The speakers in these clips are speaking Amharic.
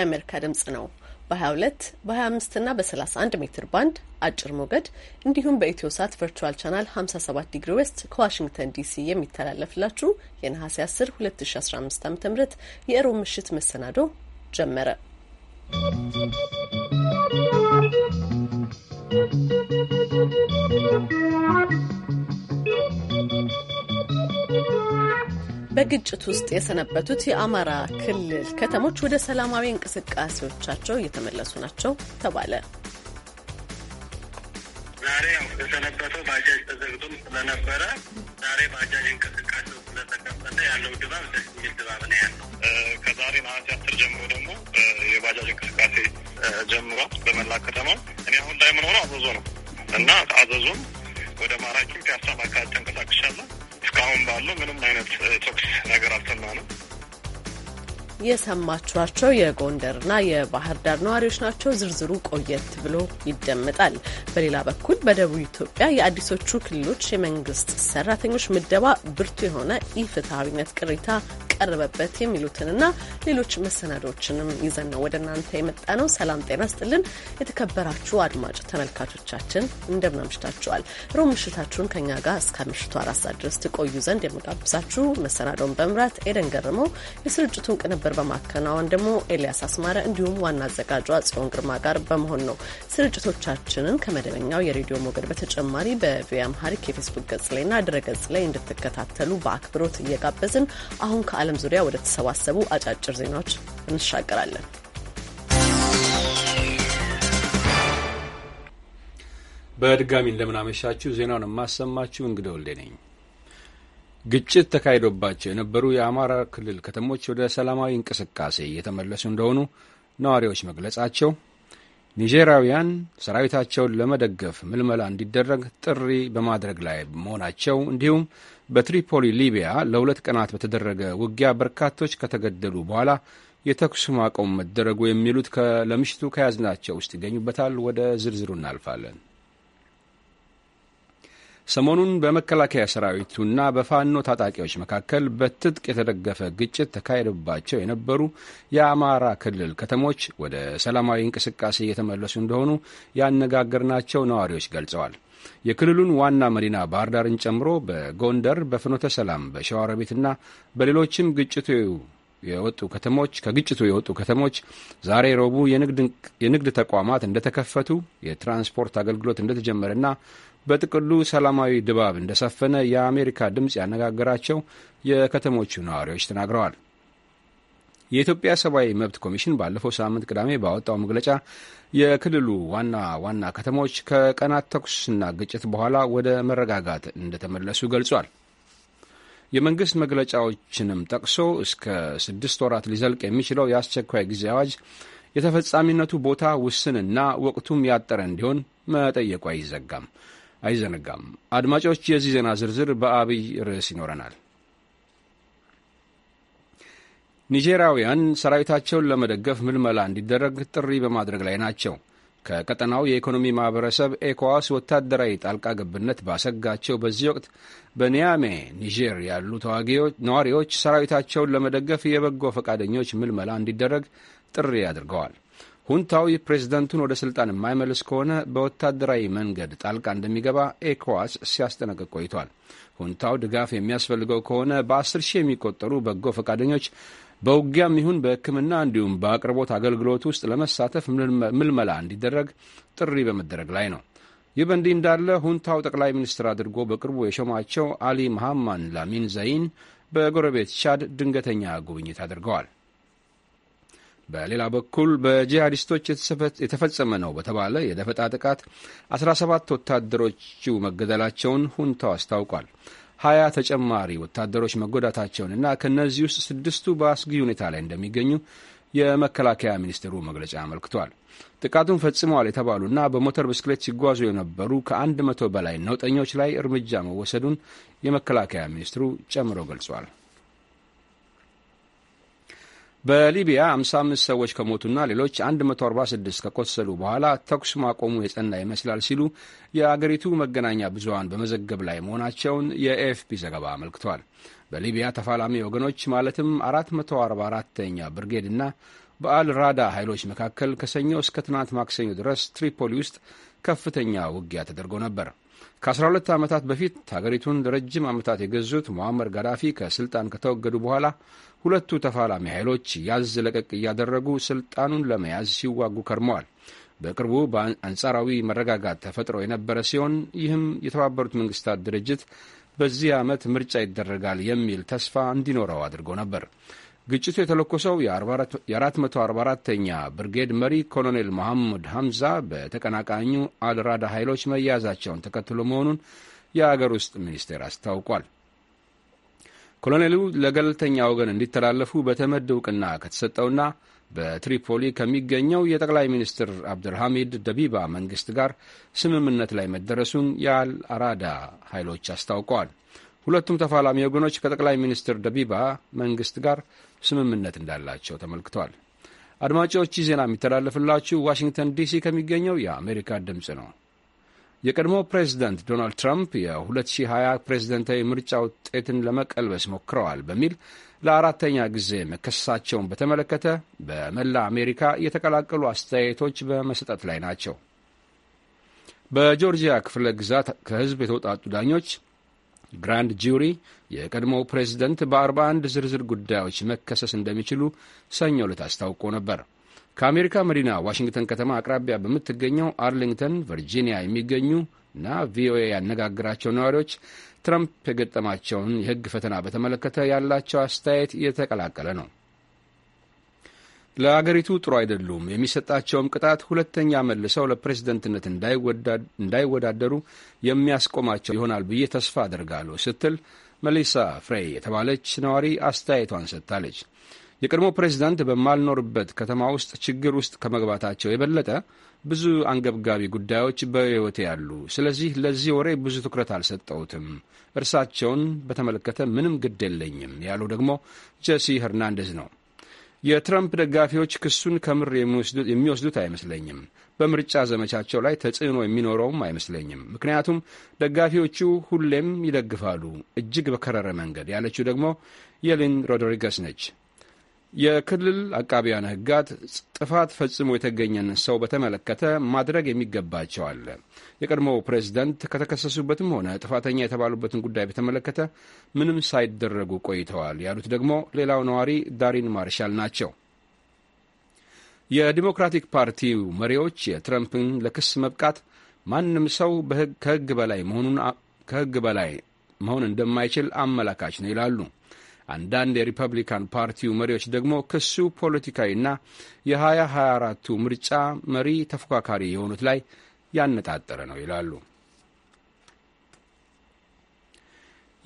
የአሜሪካ ድምጽ ነው። በ22 በ25 እና በ31 ሜትር ባንድ አጭር ሞገድ እንዲሁም በኢትዮ ሳት ቨርቹዋል ቻናል 57 ዲግሪ ዌስት ከዋሽንግተን ዲሲ የሚተላለፍላችሁ የነሐሴ 10 2015 ዓ ም የእሮብ ምሽት መሰናዶ ጀመረ። ¶¶ በግጭት ውስጥ የሰነበቱት የአማራ ክልል ከተሞች ወደ ሰላማዊ እንቅስቃሴዎቻቸው እየተመለሱ ናቸው ተባለ። ዛሬ ያው የሰነበተው ባጃጅ ተዘግቶም ስለነበረ ዛሬ ባጃጅ እንቅስቃሴ ስለተከፈተ ያለው ድባብ ደስ የሚል ድባብ ነው ያለው። ከዛሬ ማለት አስር ጀምሮ ደግሞ የባጃጅ እንቅስቃሴ ጀምሯል በመላ ከተማ። እኔ አሁን ላይ የምኖረው አዘዞ ነው እና አዘዞም ወደ ማራኪ ፒያሳ አካባቢ ተንቀሳቅሻለሁ። እስካሁን ባለው ምንም አይነት ቶክስ ነገር አልሰማንም። የሰማችኋቸው የጎንደርና የባህር ዳር ነዋሪዎች ናቸው። ዝርዝሩ ቆየት ብሎ ይደመጣል። በሌላ በኩል በደቡብ ኢትዮጵያ የአዲሶቹ ክልሎች የመንግስት ሰራተኞች ምደባ ብርቱ የሆነ ኢፍትሐዊነት ቅሬታ ቀረበበት የሚሉትንና ሌሎች መሰናዶችንም ይዘን ነው ወደ እናንተ የመጣ ነው። ሰላም ጤና ስጥልን። የተከበራችሁ አድማጭ ተመልካቾቻችን እንደምን አምሽታችኋል? ሮብ ምሽታችሁን ከኛ ጋር እስከ ምሽቱ አራት ሰዓት ድረስ ትቆዩ ዘንድ የምጋብዛችሁ መሰናዶውን በምራት ኤደን ገርመው የስርጭቱን ቅንበ ቁጥጥር በማከናወን ደግሞ ኤልያስ አስማረ እንዲሁም ዋና አዘጋጇ ጽዮን ግርማ ጋር በመሆን ነው። ስርጭቶቻችንን ከመደበኛው የሬዲዮ ሞገድ በተጨማሪ በቪኦኤ አምሃሪክ የፌስቡክ ገጽ ላይና ድረገጽ ላይ እንድትከታተሉ በአክብሮት እየጋበዝን አሁን ከዓለም ዙሪያ ወደ ተሰባሰቡ አጫጭር ዜናዎች እንሻገራለን። በድጋሚ እንደምናመሻችሁ ዜናውን የማሰማችሁ እንግዳ ወልዴ ነኝ። ግጭት ተካሂዶባቸው የነበሩ የአማራ ክልል ከተሞች ወደ ሰላማዊ እንቅስቃሴ እየተመለሱ እንደሆኑ ነዋሪዎች መግለጻቸው፣ ኒጀራውያን ሰራዊታቸውን ለመደገፍ ምልመላ እንዲደረግ ጥሪ በማድረግ ላይ መሆናቸው፣ እንዲሁም በትሪፖሊ ሊቢያ ለሁለት ቀናት በተደረገ ውጊያ በርካቶች ከተገደሉ በኋላ የተኩስ ማቆም መደረጉ የሚሉት ለምሽቱ ከያዝናቸው ውስጥ ይገኙበታል። ወደ ዝርዝሩ እናልፋለን። ሰሞኑን በመከላከያ ሰራዊቱና በፋኖ ታጣቂዎች መካከል በትጥቅ የተደገፈ ግጭት ተካሂዶባቸው የነበሩ የአማራ ክልል ከተሞች ወደ ሰላማዊ እንቅስቃሴ እየተመለሱ እንደሆኑ ያነጋገርናቸው ነዋሪዎች ገልጸዋል። የክልሉን ዋና መዲና ባህር ዳርን ጨምሮ በጎንደር፣ በፍኖተ ሰላም፣ በሸዋሮቢትና በሌሎችም ግጭቱ የወጡ ከተሞች ከግጭቱ የወጡ ከተሞች ዛሬ ረቡዕ የንግድ ተቋማት እንደተከፈቱ የትራንስፖርት አገልግሎት እንደተጀመረና በጥቅሉ ሰላማዊ ድባብ እንደሰፈነ የአሜሪካ ድምፅ ያነጋገራቸው የከተሞቹ ነዋሪዎች ተናግረዋል። የኢትዮጵያ ሰብአዊ መብት ኮሚሽን ባለፈው ሳምንት ቅዳሜ ባወጣው መግለጫ የክልሉ ዋና ዋና ከተሞች ከቀናት ተኩስና ግጭት በኋላ ወደ መረጋጋት እንደተመለሱ ገልጿል። የመንግሥት መግለጫዎችንም ጠቅሶ እስከ ስድስት ወራት ሊዘልቅ የሚችለው የአስቸኳይ ጊዜ አዋጅ የተፈጻሚነቱ ቦታ ውስንና ወቅቱም ያጠረ እንዲሆን መጠየቁ አይዘጋም። አይዘነጋም። አድማጮች፣ የዚህ ዜና ዝርዝር በአብይ ርዕስ ይኖረናል። ኒጄራውያን ሰራዊታቸውን ለመደገፍ ምልመላ እንዲደረግ ጥሪ በማድረግ ላይ ናቸው። ከቀጠናው የኢኮኖሚ ማህበረሰብ ኤኮዋስ ወታደራዊ ጣልቃ ገብነት ባሰጋቸው በዚህ ወቅት በኒያሜ ኒጀር ያሉ ተዋጊዎች ነዋሪዎች ሰራዊታቸውን ለመደገፍ የበጎ ፈቃደኞች ምልመላ እንዲደረግ ጥሪ አድርገዋል። ሁንታው ፕሬዝደንቱን ወደ ሥልጣን የማይመልስ ከሆነ በወታደራዊ መንገድ ጣልቃ እንደሚገባ ኤኮዋስ ሲያስጠነቅቅ ቆይቷል። ሁንታው ድጋፍ የሚያስፈልገው ከሆነ በአስር ሺህ የሚቆጠሩ በጎ ፈቃደኞች በውጊያም ይሁን በሕክምና እንዲሁም በአቅርቦት አገልግሎት ውስጥ ለመሳተፍ ምልመላ እንዲደረግ ጥሪ በመደረግ ላይ ነው። ይህ በእንዲህ እንዳለ ሁንታው ጠቅላይ ሚኒስትር አድርጎ በቅርቡ የሾማቸው አሊ መሐማን ላሚን ዘይን በጎረቤት ቻድ ድንገተኛ ጉብኝት አድርገዋል። በሌላ በኩል በጂሃዲስቶች የተፈጸመ ነው በተባለ የደፈጣ ጥቃት 17 ወታደሮቹ መገደላቸውን ሁንታው አስታውቋል። ሀያ ተጨማሪ ወታደሮች መጎዳታቸውንና ከእነዚህ ውስጥ ስድስቱ በአስጊ ሁኔታ ላይ እንደሚገኙ የመከላከያ ሚኒስትሩ መግለጫ አመልክቷል። ጥቃቱን ፈጽመዋል የተባሉና በሞተር ብስክሌት ሲጓዙ የነበሩ ከአንድ መቶ በላይ ነውጠኞች ላይ እርምጃ መወሰዱን የመከላከያ ሚኒስትሩ ጨምሮ ገልጿል። በሊቢያ 55 ሰዎች ከሞቱና ሌሎች 146 ከቆሰሉ በኋላ ተኩስ ማቆሙ የጸና ይመስላል ሲሉ የአገሪቱ መገናኛ ብዙሃን በመዘገብ ላይ መሆናቸውን የኤኤፍፒ ዘገባ አመልክቷል። በሊቢያ ተፋላሚ ወገኖች ማለትም 444ኛ ብርጌድና በአል ራዳ ኃይሎች መካከል ከሰኞ እስከ ትናንት ማክሰኞ ድረስ ትሪፖሊ ውስጥ ከፍተኛ ውጊያ ተደርጎ ነበር። ከ12 ዓመታት በፊት ሀገሪቱን ለረጅም ዓመታት የገዙት ሙአመር ጋዳፊ ከስልጣን ከተወገዱ በኋላ ሁለቱ ተፋላሚ ኃይሎች ያዝ ለቀቅ እያደረጉ ስልጣኑን ለመያዝ ሲዋጉ ከርመዋል። በቅርቡ በአንጻራዊ መረጋጋት ተፈጥሮ የነበረ ሲሆን ይህም የተባበሩት መንግስታት ድርጅት በዚህ ዓመት ምርጫ ይደረጋል የሚል ተስፋ እንዲኖረው አድርጎ ነበር። ግጭቱ የተለኮሰው የ444ኛ ብርጌድ መሪ ኮሎኔል መሐሙድ ሐምዛ በተቀናቃኙ አልራዳ ኃይሎች መያዛቸውን ተከትሎ መሆኑን የአገር ውስጥ ሚኒስቴር አስታውቋል። ኮሎኔሉ ለገለልተኛ ወገን እንዲተላለፉ በተመድ እውቅና ከተሰጠውና በትሪፖሊ ከሚገኘው የጠቅላይ ሚኒስትር አብዱልሐሚድ ደቢባ መንግስት ጋር ስምምነት ላይ መደረሱን የአል አራዳ ኃይሎች አስታውቀዋል። ሁለቱም ተፋላሚ ወገኖች ከጠቅላይ ሚኒስትር ደቢባ መንግስት ጋር ስምምነት እንዳላቸው ተመልክቷል። አድማጮች ዜና የሚተላለፍላችሁ ዋሽንግተን ዲሲ ከሚገኘው የአሜሪካ ድምፅ ነው። የቀድሞ ፕሬዚደንት ዶናልድ ትራምፕ የ2020 ፕሬዝደንታዊ ምርጫ ውጤትን ለመቀልበስ ሞክረዋል በሚል ለአራተኛ ጊዜ መከሰሳቸውን በተመለከተ በመላ አሜሪካ የተቀላቀሉ አስተያየቶች በመሰጠት ላይ ናቸው። በጆርጂያ ክፍለ ግዛት ከህዝብ የተውጣጡ ዳኞች ግራንድ ጁሪ የቀድሞው ፕሬዝደንት በ41 ዝርዝር ጉዳዮች መከሰስ እንደሚችሉ ሰኞ ዕለት አስታውቆ ነበር። ከአሜሪካ መዲና ዋሽንግተን ከተማ አቅራቢያ በምትገኘው አርሊንግተን ቨርጂኒያ የሚገኙ እና ቪኦኤ ያነጋግራቸው ነዋሪዎች ትራምፕ የገጠማቸውን የሕግ ፈተና በተመለከተ ያላቸው አስተያየት እየተቀላቀለ ነው። ለአገሪቱ ጥሩ አይደሉም የሚሰጣቸውም ቅጣት ሁለተኛ መልሰው ለፕሬዝደንትነት እንዳይወዳደሩ የሚያስቆማቸው ይሆናል ብዬ ተስፋ አደርጋለሁ ስትል መሊሳ ፍሬይ የተባለች ነዋሪ አስተያየቷን ሰጥታለች። የቀድሞ ፕሬዚዳንት በማልኖርበት ከተማ ውስጥ ችግር ውስጥ ከመግባታቸው የበለጠ ብዙ አንገብጋቢ ጉዳዮች በሕይወቴ ያሉ፣ ስለዚህ ለዚህ ወሬ ብዙ ትኩረት አልሰጠውትም እርሳቸውን በተመለከተ ምንም ግድ የለኝም ያሉ ደግሞ ጄሲ ሄርናንደዝ ነው። የትረምፕ ደጋፊዎች ክሱን ከምር የሚወስዱት አይመስለኝም። በምርጫ ዘመቻቸው ላይ ተጽዕኖ የሚኖረውም አይመስለኝም። ምክንያቱም ደጋፊዎቹ ሁሌም ይደግፋሉ፣ እጅግ በከረረ መንገድ ያለችው ደግሞ የሊን ሮድሪገስ ነች። የክልል አቃቢያን ህጋት ጥፋት ፈጽሞ የተገኘን ሰው በተመለከተ ማድረግ የሚገባቸው አለ። የቀድሞው ፕሬዝደንት ከተከሰሱበትም ሆነ ጥፋተኛ የተባሉበትን ጉዳይ በተመለከተ ምንም ሳይደረጉ ቆይተዋል ያሉት ደግሞ ሌላው ነዋሪ ዳሪን ማርሻል ናቸው። የዲሞክራቲክ ፓርቲው መሪዎች የትረምፕን ለክስ መብቃት ማንም ሰው ከህግ በላይ መሆኑን ከህግ በላይ መሆን እንደማይችል አመላካች ነው ይላሉ። አንዳንድ የሪፐብሊካን ፓርቲው መሪዎች ደግሞ ክሱ ፖለቲካዊና የ2024ቱ ምርጫ መሪ ተፎካካሪ የሆኑት ላይ ያነጣጠረ ነው ይላሉ።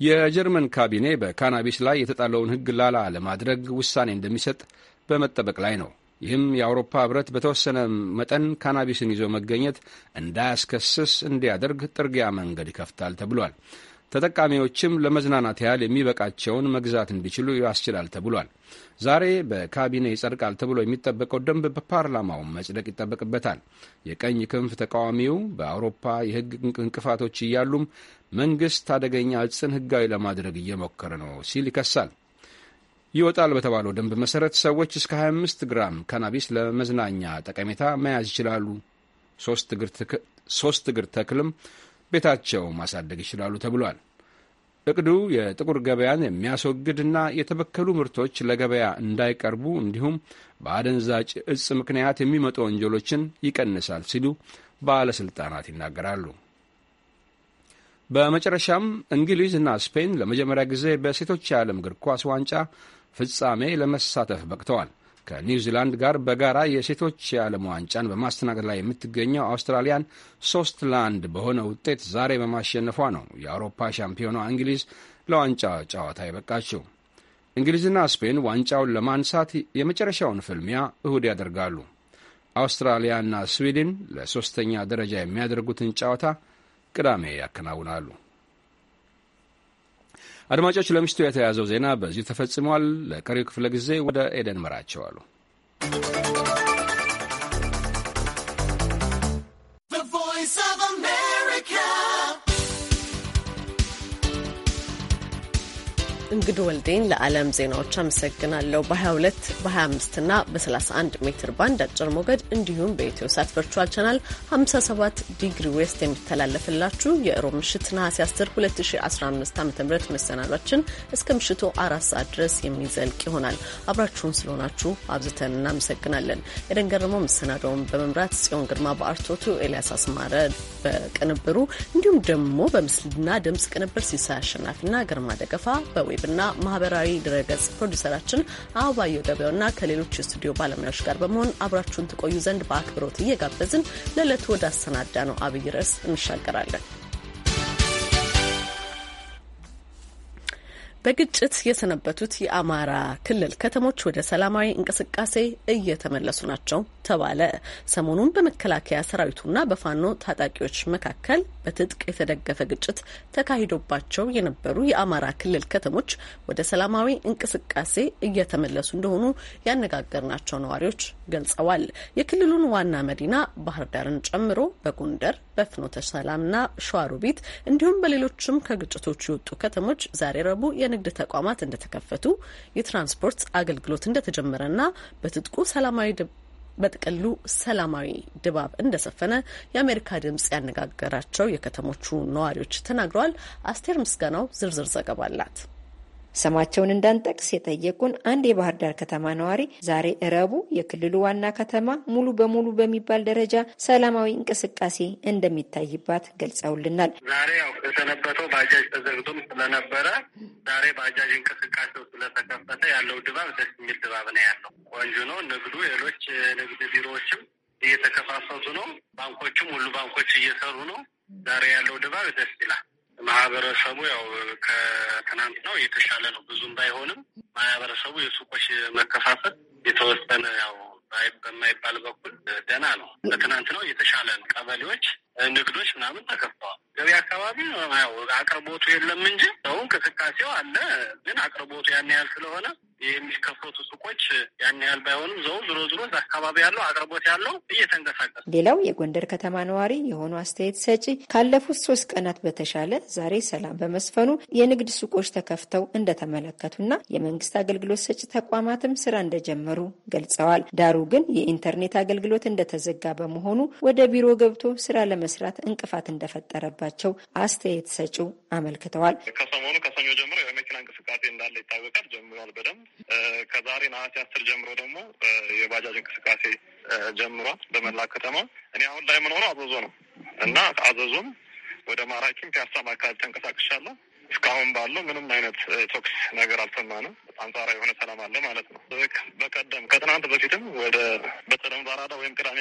የጀርመን ካቢኔ በካናቢስ ላይ የተጣለውን ሕግ ላላ ለማድረግ ውሳኔ እንደሚሰጥ በመጠበቅ ላይ ነው። ይህም የአውሮፓ ህብረት በተወሰነ መጠን ካናቢስን ይዞ መገኘት እንዳያስከስስ እንዲያደርግ ጥርጊያ መንገድ ይከፍታል ተብሏል። ተጠቃሚዎችም ለመዝናናት ያህል የሚበቃቸውን መግዛት እንዲችሉ ያስችላል ተብሏል። ዛሬ በካቢኔ ይጸድቃል ተብሎ የሚጠበቀው ደንብ በፓርላማው መጽደቅ ይጠበቅበታል። የቀኝ ክንፍ ተቃዋሚው በአውሮፓ የህግ እንቅፋቶች እያሉም መንግስት አደገኛ እጽን ህጋዊ ለማድረግ እየሞከረ ነው ሲል ይከሳል። ይወጣል በተባለው ደንብ መሰረት ሰዎች እስከ 25 ግራም ካናቢስ ለመዝናኛ ጠቀሜታ መያዝ ይችላሉ። ሶስት እግር ተክልም ቤታቸው ማሳደግ ይችላሉ ተብሏል። እቅዱ የጥቁር ገበያን የሚያስወግድና የተበከሉ ምርቶች ለገበያ እንዳይቀርቡ እንዲሁም በአደንዛጭ እጽ ምክንያት የሚመጡ ወንጀሎችን ይቀንሳል ሲሉ ባለሥልጣናት ይናገራሉ። በመጨረሻም እንግሊዝ እና ስፔን ለመጀመሪያ ጊዜ በሴቶች የዓለም እግር ኳስ ዋንጫ ፍጻሜ ለመሳተፍ በቅተዋል። ከኒውዚላንድ ጋር በጋራ የሴቶች የዓለም ዋንጫን በማስተናገድ ላይ የምትገኘው አውስትራሊያን ሶስት ለአንድ በሆነ ውጤት ዛሬ በማሸነፏ ነው የአውሮፓ ሻምፒዮኗ እንግሊዝ ለዋንጫ ጨዋታ የበቃችው። እንግሊዝና ስፔን ዋንጫውን ለማንሳት የመጨረሻውን ፍልሚያ እሁድ ያደርጋሉ። አውስትራሊያና ስዊድን ለሦስተኛ ደረጃ የሚያደርጉትን ጨዋታ ቅዳሜ ያከናውናሉ። አድማጮች፣ ለምሽቱ የተያዘው ዜና በዚሁ ተፈጽሟል። ለቀሪው ክፍለ ጊዜ ወደ ኤደን መራቸዋሉ። እንግዱ ወልዴን ለዓለም ዜናዎች አመሰግናለሁ። በ22 በ25 እና በ31 ሜትር ባንድ አጭር ሞገድ እንዲሁም በኢትዮ ሳት ቨርቹዋል ቻናል 57 ዲግሪ ዌስት የሚተላለፍላችሁ የእሮብ ምሽት ነሐሴ 10 2015 ዓ ም መሰናዷችን እስከ ምሽቱ አራት ሰዓት ድረስ የሚዘልቅ ይሆናል። አብራችሁን ስለሆናችሁ አብዝተን እናመሰግናለን። የደንገረመው መሰናዶውን በመምራት ጽዮን ግርማ፣ በአርቶቱ ኤልያስ አስማረ በቅንብሩ እንዲሁም ደግሞ በምስልና ድምፅ ቅንብር ሲሳይ አሸናፊና ግርማ ደገፋ በዌብ የዌብና ማህበራዊ ድረገጽ ፕሮዲሰራችን አበባየሁ ገበያውና ከሌሎች የስቱዲዮ ባለሙያዎች ጋር በመሆን አብራችሁን ትቆዩ ዘንድ በአክብሮት እየጋበዝን ለዕለቱ ወደ አሰናዳ ነው አብይ ርዕስ እንሻገራለን። በግጭት የሰነበቱት የአማራ ክልል ከተሞች ወደ ሰላማዊ እንቅስቃሴ እየተመለሱ ናቸው ተባለ። ሰሞኑን በመከላከያ ሰራዊቱና በፋኖ ታጣቂዎች መካከል በትጥቅ የተደገፈ ግጭት ተካሂዶባቸው የነበሩ የአማራ ክልል ከተሞች ወደ ሰላማዊ እንቅስቃሴ እየተመለሱ እንደሆኑ ያነጋገርናቸው ነዋሪዎች ገልጸዋል። የክልሉን ዋና መዲና ባህር ዳርን ጨምሮ በጎንደር በፍኖተ ሰላምና ሸዋሮቢት እንዲሁም በሌሎችም ከግጭቶች የወጡ ከተሞች ዛሬ ረቡዕ የንግድ ተቋማት እንደተከፈቱ፣ የትራንስፖርት አገልግሎት እንደተጀመረና በትጥቁ ሰላማዊ በጥቅሉ ሰላማዊ ድባብ እንደሰፈነ የአሜሪካ ድምጽ ያነጋገራቸው የከተሞቹ ነዋሪዎች ተናግረዋል። አስቴር ምስጋናው ዝርዝር ዘገባ አላት። ስማቸውን እንዳንጠቅስ የጠየቁን አንድ የባህር ዳር ከተማ ነዋሪ ዛሬ እረቡ የክልሉ ዋና ከተማ ሙሉ በሙሉ በሚባል ደረጃ ሰላማዊ እንቅስቃሴ እንደሚታይባት ገልጸውልናል። ዛሬ ያው የሰነበተው ባጃጅ ተዘግቶም ስለነበረ ዛሬ ባጃጅ እንቅስቃሴው ስለተከፈተ ያለው ድባብ ደስ የሚል ድባብ ነው ያለው። ቆንጆ ነው። ንግዱ ሌሎች ንግድ ቢሮዎችም እየተከፋፈቱ ነው። ባንኮችም ሁሉ ባንኮች እየሰሩ ነው። ዛሬ ያለው ድባብ ደስ ይላል። ማህበረሰቡ ያው ከትናንት ነው የተሻለ ነው። ብዙም ባይሆንም ማህበረሰቡ የሱቆች መከፋፈል የተወሰነ ያው በማይባል በኩል ደህና ነው። በትናንት ነው የተሻለ ነው። ቀበሌዎች ንግዶች ምናምን ተከፍተዋል። ገበያ አካባቢ አቅርቦቱ የለም እንጂ ሰው እንቅስቃሴው አለ፣ ግን አቅርቦቱ ያን ያህል ስለሆነ የሚከፈቱ ሱቆች ያን ያህል ባይሆንም ዘው ዝሮ ዝሮ አካባቢ ያለው አቅርቦት ያለው እየተንቀሳቀሰ። ሌላው የጎንደር ከተማ ነዋሪ የሆኑ አስተያየት ሰጪ ካለፉት ሶስት ቀናት በተሻለ ዛሬ ሰላም በመስፈኑ የንግድ ሱቆች ተከፍተው እንደተመለከቱና የመንግስት አገልግሎት ሰጪ ተቋማትም ስራ እንደጀመሩ ገልጸዋል። ዳሩ ግን የኢንተርኔት አገልግሎት እንደተዘጋ በመሆኑ ወደ ቢሮ ገብቶ ስራ ለመ ለመስራት እንቅፋት እንደፈጠረባቸው አስተያየት ሰጪው አመልክተዋል። ከሰሞኑ ከሰኞ ጀምሮ የመኪና እንቅስቃሴ እንዳለ ይታወቃል። ጀምሯል በደንብ ከዛሬ ነሐሴ አስር ጀምሮ ደግሞ የባጃጅ እንቅስቃሴ ጀምሯል በመላ ከተማ። እኔ አሁን ላይ የምኖረው አዘዞ ነው እና አዘዞም ወደ ማራኪም ፒያሳ አካባቢ ተንቀሳቅሻለሁ። እስካሁን ባለው ምንም አይነት ቶክስ ነገር አልሰማንም። አንጻራዊ የሆነ ሰላም አለ ማለት ነው። በቀደም ከትናንት በፊትም ወደ በተለምዶ ወይም ቅዳሜ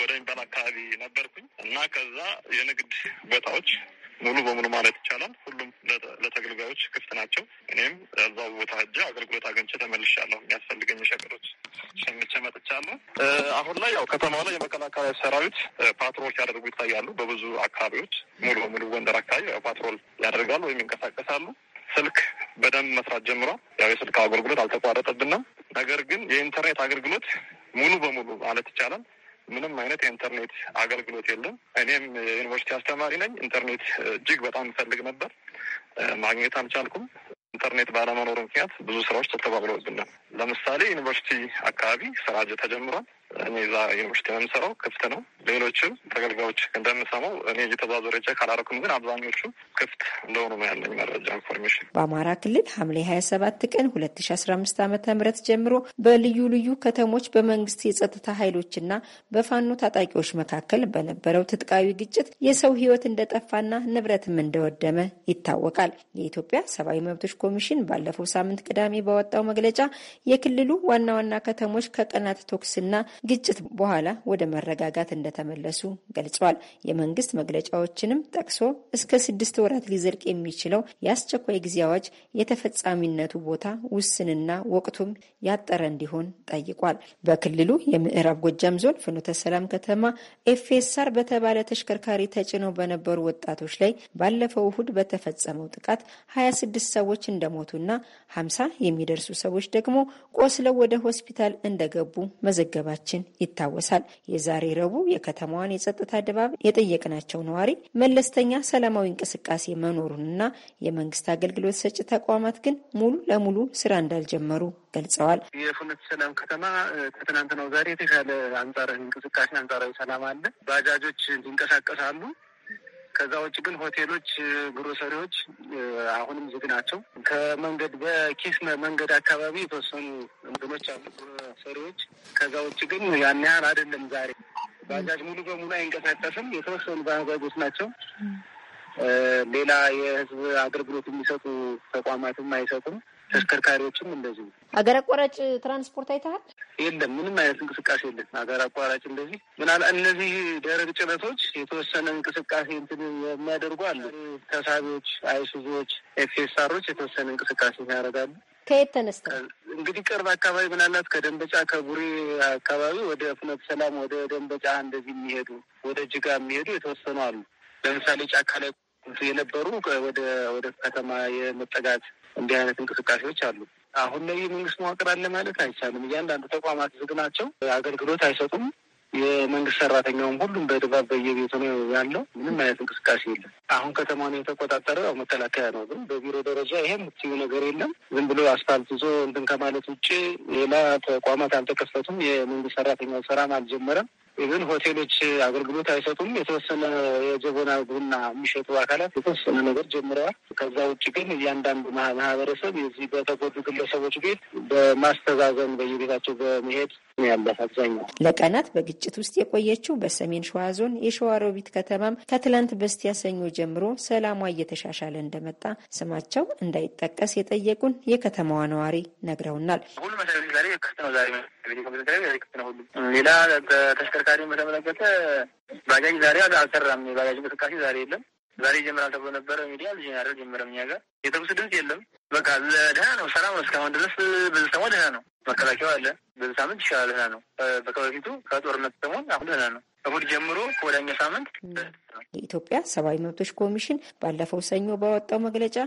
ወደሚባል አካባቢ ነበርኩኝ እና ከዛ የንግድ ቦታዎች ሙሉ በሙሉ ማለት ይቻላል ሁሉም ለተገልጋዮች ክፍት ናቸው። እኔም እዛው ቦታ ሄጄ አገልግሎት አግኝቼ ተመልሻለሁ። የሚያስፈልገኝ ሸቀጦች ሸምቼ መጥቻለሁ። አሁን ላይ ያው ከተማው ላይ የመከላከያ ሰራዊት ፓትሮል ሲያደርጉ ይታያሉ። በብዙ አካባቢዎች ሙሉ በሙሉ ጎንደር አካባቢ ፓትሮል ያደርጋሉ ወይም ይንቀሳቀሳሉ። ስልክ በደንብ መስራት ጀምሯል። ያው የስልክ አገልግሎት አልተቋረጠብንም። ነገር ግን የኢንተርኔት አገልግሎት ሙሉ በሙሉ ማለት ይቻላል ምንም አይነት የኢንተርኔት አገልግሎት የለም። እኔም የዩኒቨርሲቲ አስተማሪ ነኝ። ኢንተርኔት እጅግ በጣም እፈልግ ነበር፣ ማግኘት አልቻልኩም። ኢንተርኔት ባለመኖሩ ምክንያት ብዙ ስራዎች ተተባብለውብናል። ለምሳሌ ዩኒቨርሲቲ አካባቢ ስራ ተጀምሯል። እኔ ዛ ዩኒቨርሲቲ ነው የምሰራው፣ ክፍት ነው። ሌሎችም ተገልጋዮች እንደምሰማው እኔ እየተዘዋወርኩ ካላረኩም፣ ግን አብዛኞቹ ክፍት እንደሆኑ ነው ያለኝ መረጃ ኢንፎርሜሽን። በአማራ ክልል ሐምሌ ሀያ ሰባት ቀን ሁለት ሺ አስራ አምስት ዓመተ ምህረት ጀምሮ በልዩ ልዩ ከተሞች በመንግስት የጸጥታ ኃይሎችና በፋኖ ታጣቂዎች መካከል በነበረው ትጥቃዊ ግጭት የሰው ህይወት እንደጠፋና ንብረትም እንደወደመ ይታወቃል። የኢትዮጵያ ሰብአዊ መብቶች ኮሚሽን ባለፈው ሳምንት ቅዳሜ ባወጣው መግለጫ የክልሉ ዋና ዋና ከተሞች ከቀናት ቶክስና ግጭት በኋላ ወደ መረጋጋት እንደተመለሱ ገልጸዋል። የመንግስት መግለጫዎችንም ጠቅሶ እስከ ስድስት ወራት ሊዘልቅ የሚችለው የአስቸኳይ ጊዜ አዋጅ የተፈጻሚነቱ ቦታ ውስንና ወቅቱም ያጠረ እንዲሆን ጠይቋል። በክልሉ የምዕራብ ጎጃም ዞን ፍኖተ ሰላም ከተማ ኤፍኤስአር በተባለ ተሽከርካሪ ተጭነው በነበሩ ወጣቶች ላይ ባለፈው እሁድ በተፈጸመው ጥቃት 26 ሰዎች እንደሞቱና 50 የሚደርሱ ሰዎች ደግሞ ቆስለው ወደ ሆስፒታል እንደገቡ መዘገባቸው መሆናችን ይታወሳል። የዛሬ ረቡዕ የከተማዋን የጸጥታ ድባብ የጠየቅናቸው ነዋሪ መለስተኛ ሰላማዊ እንቅስቃሴ መኖሩንና የመንግስት አገልግሎት ሰጪ ተቋማት ግን ሙሉ ለሙሉ ስራ እንዳልጀመሩ ገልጸዋል። የፍኖተ ሰላም ከተማ ከትናንትናው ዛሬ የተሻለ አንጻራዊ እንቅስቃሴ፣ አንጻራዊ ሰላም አለ። ባጃጆች ይንቀሳቀሳሉ። ከዛ ውጭ ግን ሆቴሎች፣ ግሮሰሪዎች አሁንም ዝግ ናቸው። ከመንገድ በኪስ መንገድ አካባቢ የተወሰኑ እንትኖች አሉ ግሮሰሪዎች። ከዛ ውጭ ግን ያን ያህል አይደለም። ዛሬ ባጃጅ ሙሉ በሙሉ አይንቀሳቀስም። የተወሰኑ ባጃጆች ናቸው። ሌላ የህዝብ አገልግሎት የሚሰጡ ተቋማትም አይሰጡም። ተሽከርካሪዎችም እንደዚህ አገር አቋራጭ ትራንስፖርት አይተሃል? የለም፣ ምንም አይነት እንቅስቃሴ የለም። አገር አቋራጭ እንደዚህ ምናል እነዚህ ደረቅ ጭነቶች የተወሰነ እንቅስቃሴ እንትን የሚያደርጉ አሉ። ተሳቢዎች፣ አይሱዞች፣ ኤፍኤስአሮች የተወሰነ እንቅስቃሴ ያደርጋሉ። ከየት ተነስተ እንግዲህ ቅርብ አካባቢ ምናልባት ከደንበጫ ከቡሬ አካባቢ ወደ ፍኖተ ሰላም ወደ ደንበጫ እንደዚህ የሚሄዱ ወደ ጅጋ የሚሄዱ የተወሰኑ አሉ። ለምሳሌ ጫካ ላይ የነበሩ ወደ ከተማ የመጠጋት እንዲህ አይነት እንቅስቃሴዎች አሉ። አሁን ላይ የመንግስት መዋቅር አለ ማለት አይቻልም። እያንዳንዱ ተቋማት ዝግ ናቸው፣ አገልግሎት አይሰጡም። የመንግስት ሰራተኛውም ሁሉም በድባብ በየቤቱ ነው ያለው። ምንም አይነት እንቅስቃሴ የለም። አሁን ከተማውን የተቆጣጠረ ያው መከላከያ ነው። ግን በቢሮ ደረጃ ይሄ የምትዩ ነገር የለም። ዝም ብሎ አስፋልት ይዞ እንትን ከማለት ውጭ ሌላ ተቋማት አልተከፈቱም። የመንግስት ሰራተኛው ስራም አልጀመረም። ኢቨን ሆቴሎች አገልግሎት አይሰጡም። የተወሰነ የጀበና ቡና የሚሸጡ አካላት የተወሰነ ነገር ጀምረዋል። ከዛ ውጭ ግን እያንዳንዱ ማህበረሰብ የዚህ በተጎዱ ግለሰቦች ቤት በማስተዛዘን በየቤታቸው በመሄድ ነው ያላት አብዛኛው። ለቀናት በግጭት ውስጥ የቆየችው በሰሜን ሸዋ ዞን የሸዋሮቢት ከተማም ከትላንት በስቲያ ሰኞ ጀምሮ ሰላሟ እየተሻሻለ እንደመጣ ስማቸው እንዳይጠቀስ የጠየቁን የከተማዋ ነዋሪ ነግረውናል። ሁሉም ዛሬ ክፍት ነው። ዛሬ ሌላ ተሽከርካሪ በተመለከተ ባጃጅ ዛሬ አልሰራም። የባጃጅ እንቅስቃሴ ዛሬ የለም። ዛሬ ይጀምራል ተብሎ ነበረ። ሚዲያ ልጅ ያደረግ ጀመረም እኛ ጋር የተኩስ ድምፅ የለም። በቃ ደህና ነው፣ ሰላም ነው። እስካሁን ድረስ በዚህ ሰሞን ደህና ነው። መከላከያው አለ። በዚህ ሳምንት ይሻላል፣ ደህና ነው። በከበፊቱ ከጦርነት ሰሞን አሁን ደህና ነው። እሁድ ጀምሮ ከወዳኛ ሳምንት የኢትዮጵያ ሰብአዊ መብቶች ኮሚሽን ባለፈው ሰኞ ባወጣው መግለጫ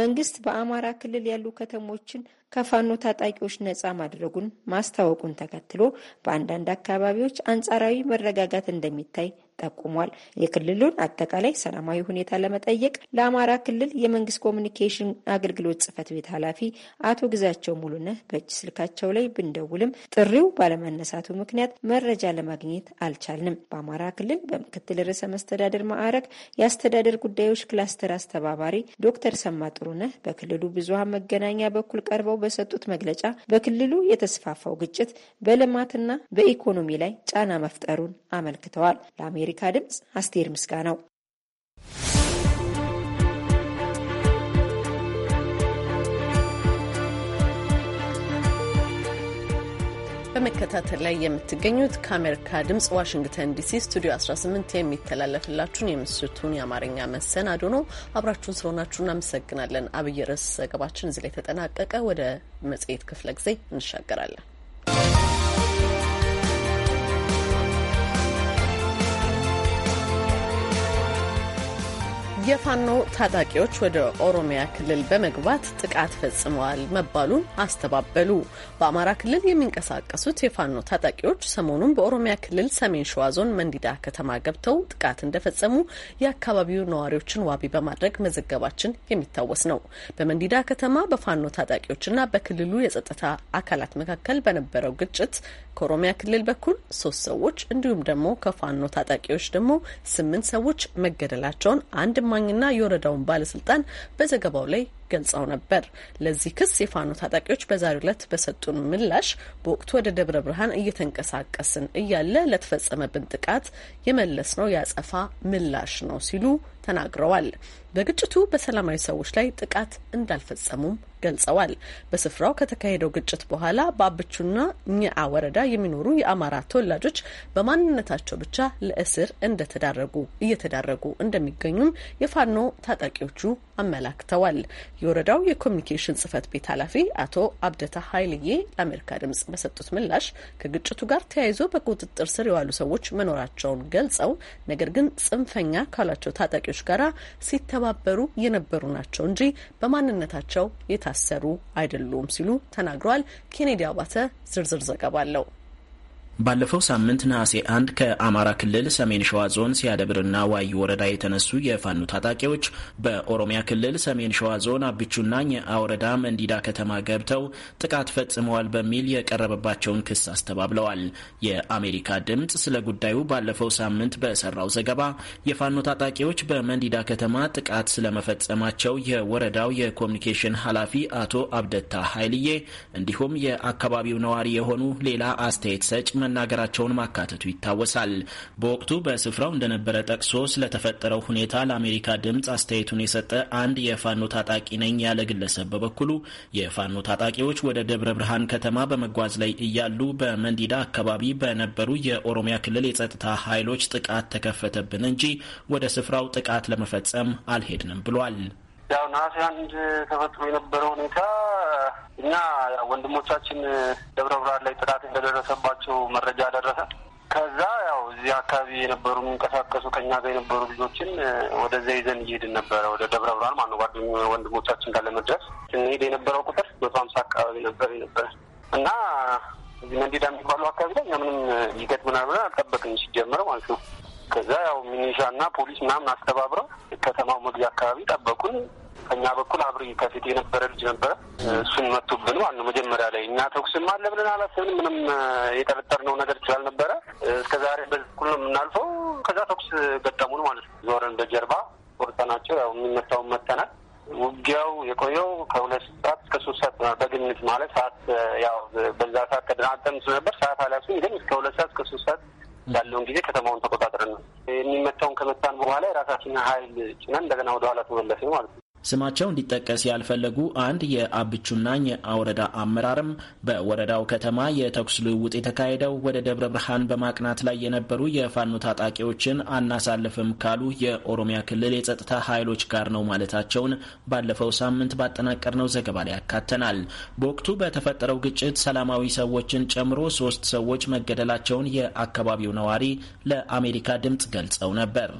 መንግስት በአማራ ክልል ያሉ ከተሞችን ከፋኖ ታጣቂዎች ነጻ ማድረጉን ማስታወቁን ተከትሎ በአንዳንድ አካባቢዎች አንጻራዊ መረጋጋት እንደሚታይ ጠቁሟል። የክልሉን አጠቃላይ ሰላማዊ ሁኔታ ለመጠየቅ ለአማራ ክልል የመንግስት ኮሚኒኬሽን አገልግሎት ጽህፈት ቤት ኃላፊ አቶ ግዛቸው ሙሉነህ በእጅ ስልካቸው ላይ ብንደውልም ጥሪው ባለመነሳቱ ምክንያት መረጃ ለማግኘት አልቻልንም። በአማራ ክልል በምክትል ርዕሰ መስተዳደር አስተዳደር ማዕረግ የአስተዳደር ጉዳዮች ክላስተር አስተባባሪ ዶክተር ሰማ ጥሩነህ በክልሉ ብዙሀን መገናኛ በኩል ቀርበው በሰጡት መግለጫ በክልሉ የተስፋፋው ግጭት በልማትና በኢኮኖሚ ላይ ጫና መፍጠሩን አመልክተዋል። ለአሜሪካ ድምጽ አስቴር ምስጋ ነው። በመከታተል ላይ የምትገኙት ከአሜሪካ ድምጽ ዋሽንግተን ዲሲ ስቱዲዮ 18 የሚተላለፍላችሁን የምስቱን የአማርኛ መሰናዶ ነው። አብራችሁን ስለሆናችሁ እናመሰግናለን። አብይ ርዕስ ዘገባችን እዚህ ላይ ተጠናቀቀ። ወደ መጽሔት ክፍለ ጊዜ እንሻገራለን። የፋኖ ታጣቂዎች ወደ ኦሮሚያ ክልል በመግባት ጥቃት ፈጽመዋል መባሉን አስተባበሉ። በአማራ ክልል የሚንቀሳቀሱት የፋኖ ታጣቂዎች ሰሞኑን በኦሮሚያ ክልል ሰሜን ሸዋ ዞን መንዲዳ ከተማ ገብተው ጥቃት እንደፈጸሙ የአካባቢው ነዋሪዎችን ዋቢ በማድረግ መዘገባችን የሚታወስ ነው። በመንዲዳ ከተማ በፋኖ ታጣቂዎችና በክልሉ የጸጥታ አካላት መካከል በነበረው ግጭት ከኦሮሚያ ክልል በኩል ሶስት ሰዎች እንዲሁም ደግሞ ከፋኖ ታጣቂዎች ደግሞ ስምንት ሰዎች መገደላቸውን አንድ አማኝና የወረዳውን ባለስልጣን በዘገባው ላይ ገልጸው ነበር። ለዚህ ክስ የፋኖ ታጣቂዎች በዛሬው ዕለት በሰጡን ምላሽ በወቅቱ ወደ ደብረ ብርሃን እየተንቀሳቀስን እያለ ለተፈጸመብን ጥቃት የመለስ ነው ያጸፋ ምላሽ ነው ሲሉ ተናግረዋል። በግጭቱ በሰላማዊ ሰዎች ላይ ጥቃት እንዳልፈጸሙም ገልጸዋል። በስፍራው ከተካሄደው ግጭት በኋላ በአብቹና ኝአ ወረዳ የሚኖሩ የአማራ ተወላጆች በማንነታቸው ብቻ ለእስር እንደተዳረጉ እየተዳረጉ እንደሚገኙም የፋኖ ታጣቂዎቹ አመላክተዋል። የወረዳው የኮሚኒኬሽን ጽህፈት ቤት ኃላፊ አቶ አብደታ ኃይልዬ ለአሜሪካ ድምጽ በሰጡት ምላሽ ከግጭቱ ጋር ተያይዞ በቁጥጥር ስር የዋሉ ሰዎች መኖራቸውን ገልጸው ነገር ግን ጽንፈኛ ካሏቸው ታጣቂዎች ጋር ሲተባበሩ የነበሩ ናቸው እንጂ በማንነታቸው የታሰሩ አይደሉም ሲሉ ተናግረዋል። ኬኔዲ አባተ ዝርዝር ዘገባ አለው። ባለፈው ሳምንት ነሐሴ አንድ ከአማራ ክልል ሰሜን ሸዋ ዞን ሲያደብርና ዋይ ወረዳ የተነሱ የፋኖ ታጣቂዎች በኦሮሚያ ክልል ሰሜን ሸዋ ዞን አብቹና ኘአ ወረዳ መንዲዳ ከተማ ገብተው ጥቃት ፈጽመዋል በሚል የቀረበባቸውን ክስ አስተባብለዋል። የአሜሪካ ድምፅ ስለ ጉዳዩ ባለፈው ሳምንት በሰራው ዘገባ የፋኖ ታጣቂዎች በመንዲዳ ከተማ ጥቃት ስለመፈጸማቸው የወረዳው የኮሚኒኬሽን ኃላፊ አቶ አብደታ ኃይልዬ እንዲሁም የአካባቢው ነዋሪ የሆኑ ሌላ አስተያየት ሰጭ መናገራቸውን ማካተቱ ይታወሳል። በወቅቱ በስፍራው እንደነበረ ጠቅሶ ስለተፈጠረው ሁኔታ ለአሜሪካ ድምፅ አስተያየቱን የሰጠ አንድ የፋኖ ታጣቂ ነኝ ያለ ግለሰብ በበኩሉ የፋኖ ታጣቂዎች ወደ ደብረ ብርሃን ከተማ በመጓዝ ላይ እያሉ በመንዲዳ አካባቢ በነበሩ የኦሮሚያ ክልል የጸጥታ ኃይሎች ጥቃት ተከፈተብን እንጂ ወደ ስፍራው ጥቃት ለመፈጸም አልሄድንም ብሏል። ያው ነሐሴ አንድ ተፈጥሮ የነበረው ሁኔታ እኛ ወንድሞቻችን ደብረ ብርሃን ላይ ጥቃት እንደደረሰባቸው መረጃ ደረሰ። ከዛ ያው እዚህ አካባቢ የነበሩ የሚንቀሳቀሱ ከኛ ጋር የነበሩ ልጆችን ወደዚያ ይዘን እየሄድን ነበረ። ወደ ደብረ ብርሃን ማነው ጓደኛ ወንድሞቻችን ጋር ለመድረስ ስንሄድ የነበረው ቁጥር መቶ ሀምሳ አካባቢ ነበር ነበረ እና እዚህ መንዲዳ የሚባሉ አካባቢ ላይ ምንም ይገጥመናል ብለን አልጠበቅን ሲጀምር ማለት ነው። ከዛ ያው ሚኒሻና ፖሊስ ምናምን አስተባብረው ከተማው መግቢያ አካባቢ ጠበቁን። ከኛ በኩል አብሪ ከፊት የነበረ ልጅ ነበረ። እሱን መቱብን ማለት ነው። መጀመሪያ ላይ እኛ ተኩስም አለ ብለን አላሰብን። ምንም የጠረጠርነው ነገር ስላልነበረ እስከ ዛሬ በዚህ በኩል ነው የምናልፈው። ከዛ ተኩስ ገጠሙን ማለት ነው። ዞረን በጀርባ ቆርጠናቸው ያው የሚመታውን መተናል። ውጊያው የቆየው ከሁለት ሰዓት እስከ ሶስት ሰዓት በግምት ማለት ሰዓት ያው በዛ ሰዓት ተደናጠም ነበር። ሰዓት አላሱም፣ ግን እስከ ሁለት ሰዓት እስከ ሶስት ሰዓት ባለውን ጊዜ ከተማውን ተቆጣጥረን ነው የሚመታውን ከመታን በኋላ የራሳችንን ኃይል ጭነን እንደገና ወደኋላ ተመለስን ማለት ነው። ስማቸው እንዲጠቀስ ያልፈለጉ አንድ የአብቹናኝ ወረዳ አመራርም በወረዳው ከተማ የተኩስ ልውውጥ የተካሄደው ወደ ደብረ ብርሃን በማቅናት ላይ የነበሩ የፋኖ ታጣቂዎችን አናሳልፍም ካሉ የኦሮሚያ ክልል የጸጥታ ኃይሎች ጋር ነው ማለታቸውን ባለፈው ሳምንት ባጠናቀርነው ዘገባ ላይ ያካተናል። በወቅቱ በተፈጠረው ግጭት ሰላማዊ ሰዎችን ጨምሮ ሶስት ሰዎች መገደላቸውን የአካባቢው ነዋሪ ለአሜሪካ ድምጽ ገልጸው ነበር።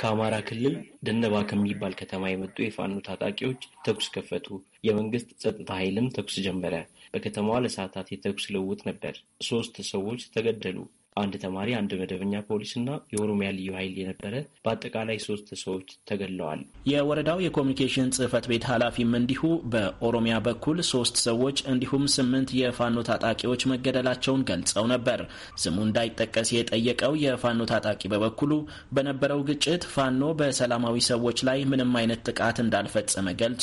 ከአማራ ክልል ደነባ ከሚባል ከተማ የመጡ የፋኖ ታጣቂዎች ተኩስ ከፈቱ። የመንግስት ጸጥታ ኃይልም ተኩስ ጀመረ። በከተማዋ ለሰዓታት የተኩስ ልውውጥ ነበር። ሶስት ሰዎች ተገደሉ። አንድ ተማሪ፣ አንድ መደበኛ ፖሊስ እና የኦሮሚያ ልዩ ኃይል የነበረ በአጠቃላይ ሶስት ሰዎች ተገድለዋል። የወረዳው የኮሚኒኬሽን ጽህፈት ቤት ኃላፊም እንዲሁ በኦሮሚያ በኩል ሶስት ሰዎች እንዲሁም ስምንት የፋኖ ታጣቂዎች መገደላቸውን ገልጸው ነበር። ስሙ እንዳይጠቀስ የጠየቀው የፋኖ ታጣቂ በበኩሉ በነበረው ግጭት ፋኖ በሰላማዊ ሰዎች ላይ ምንም አይነት ጥቃት እንዳልፈጸመ ገልጾ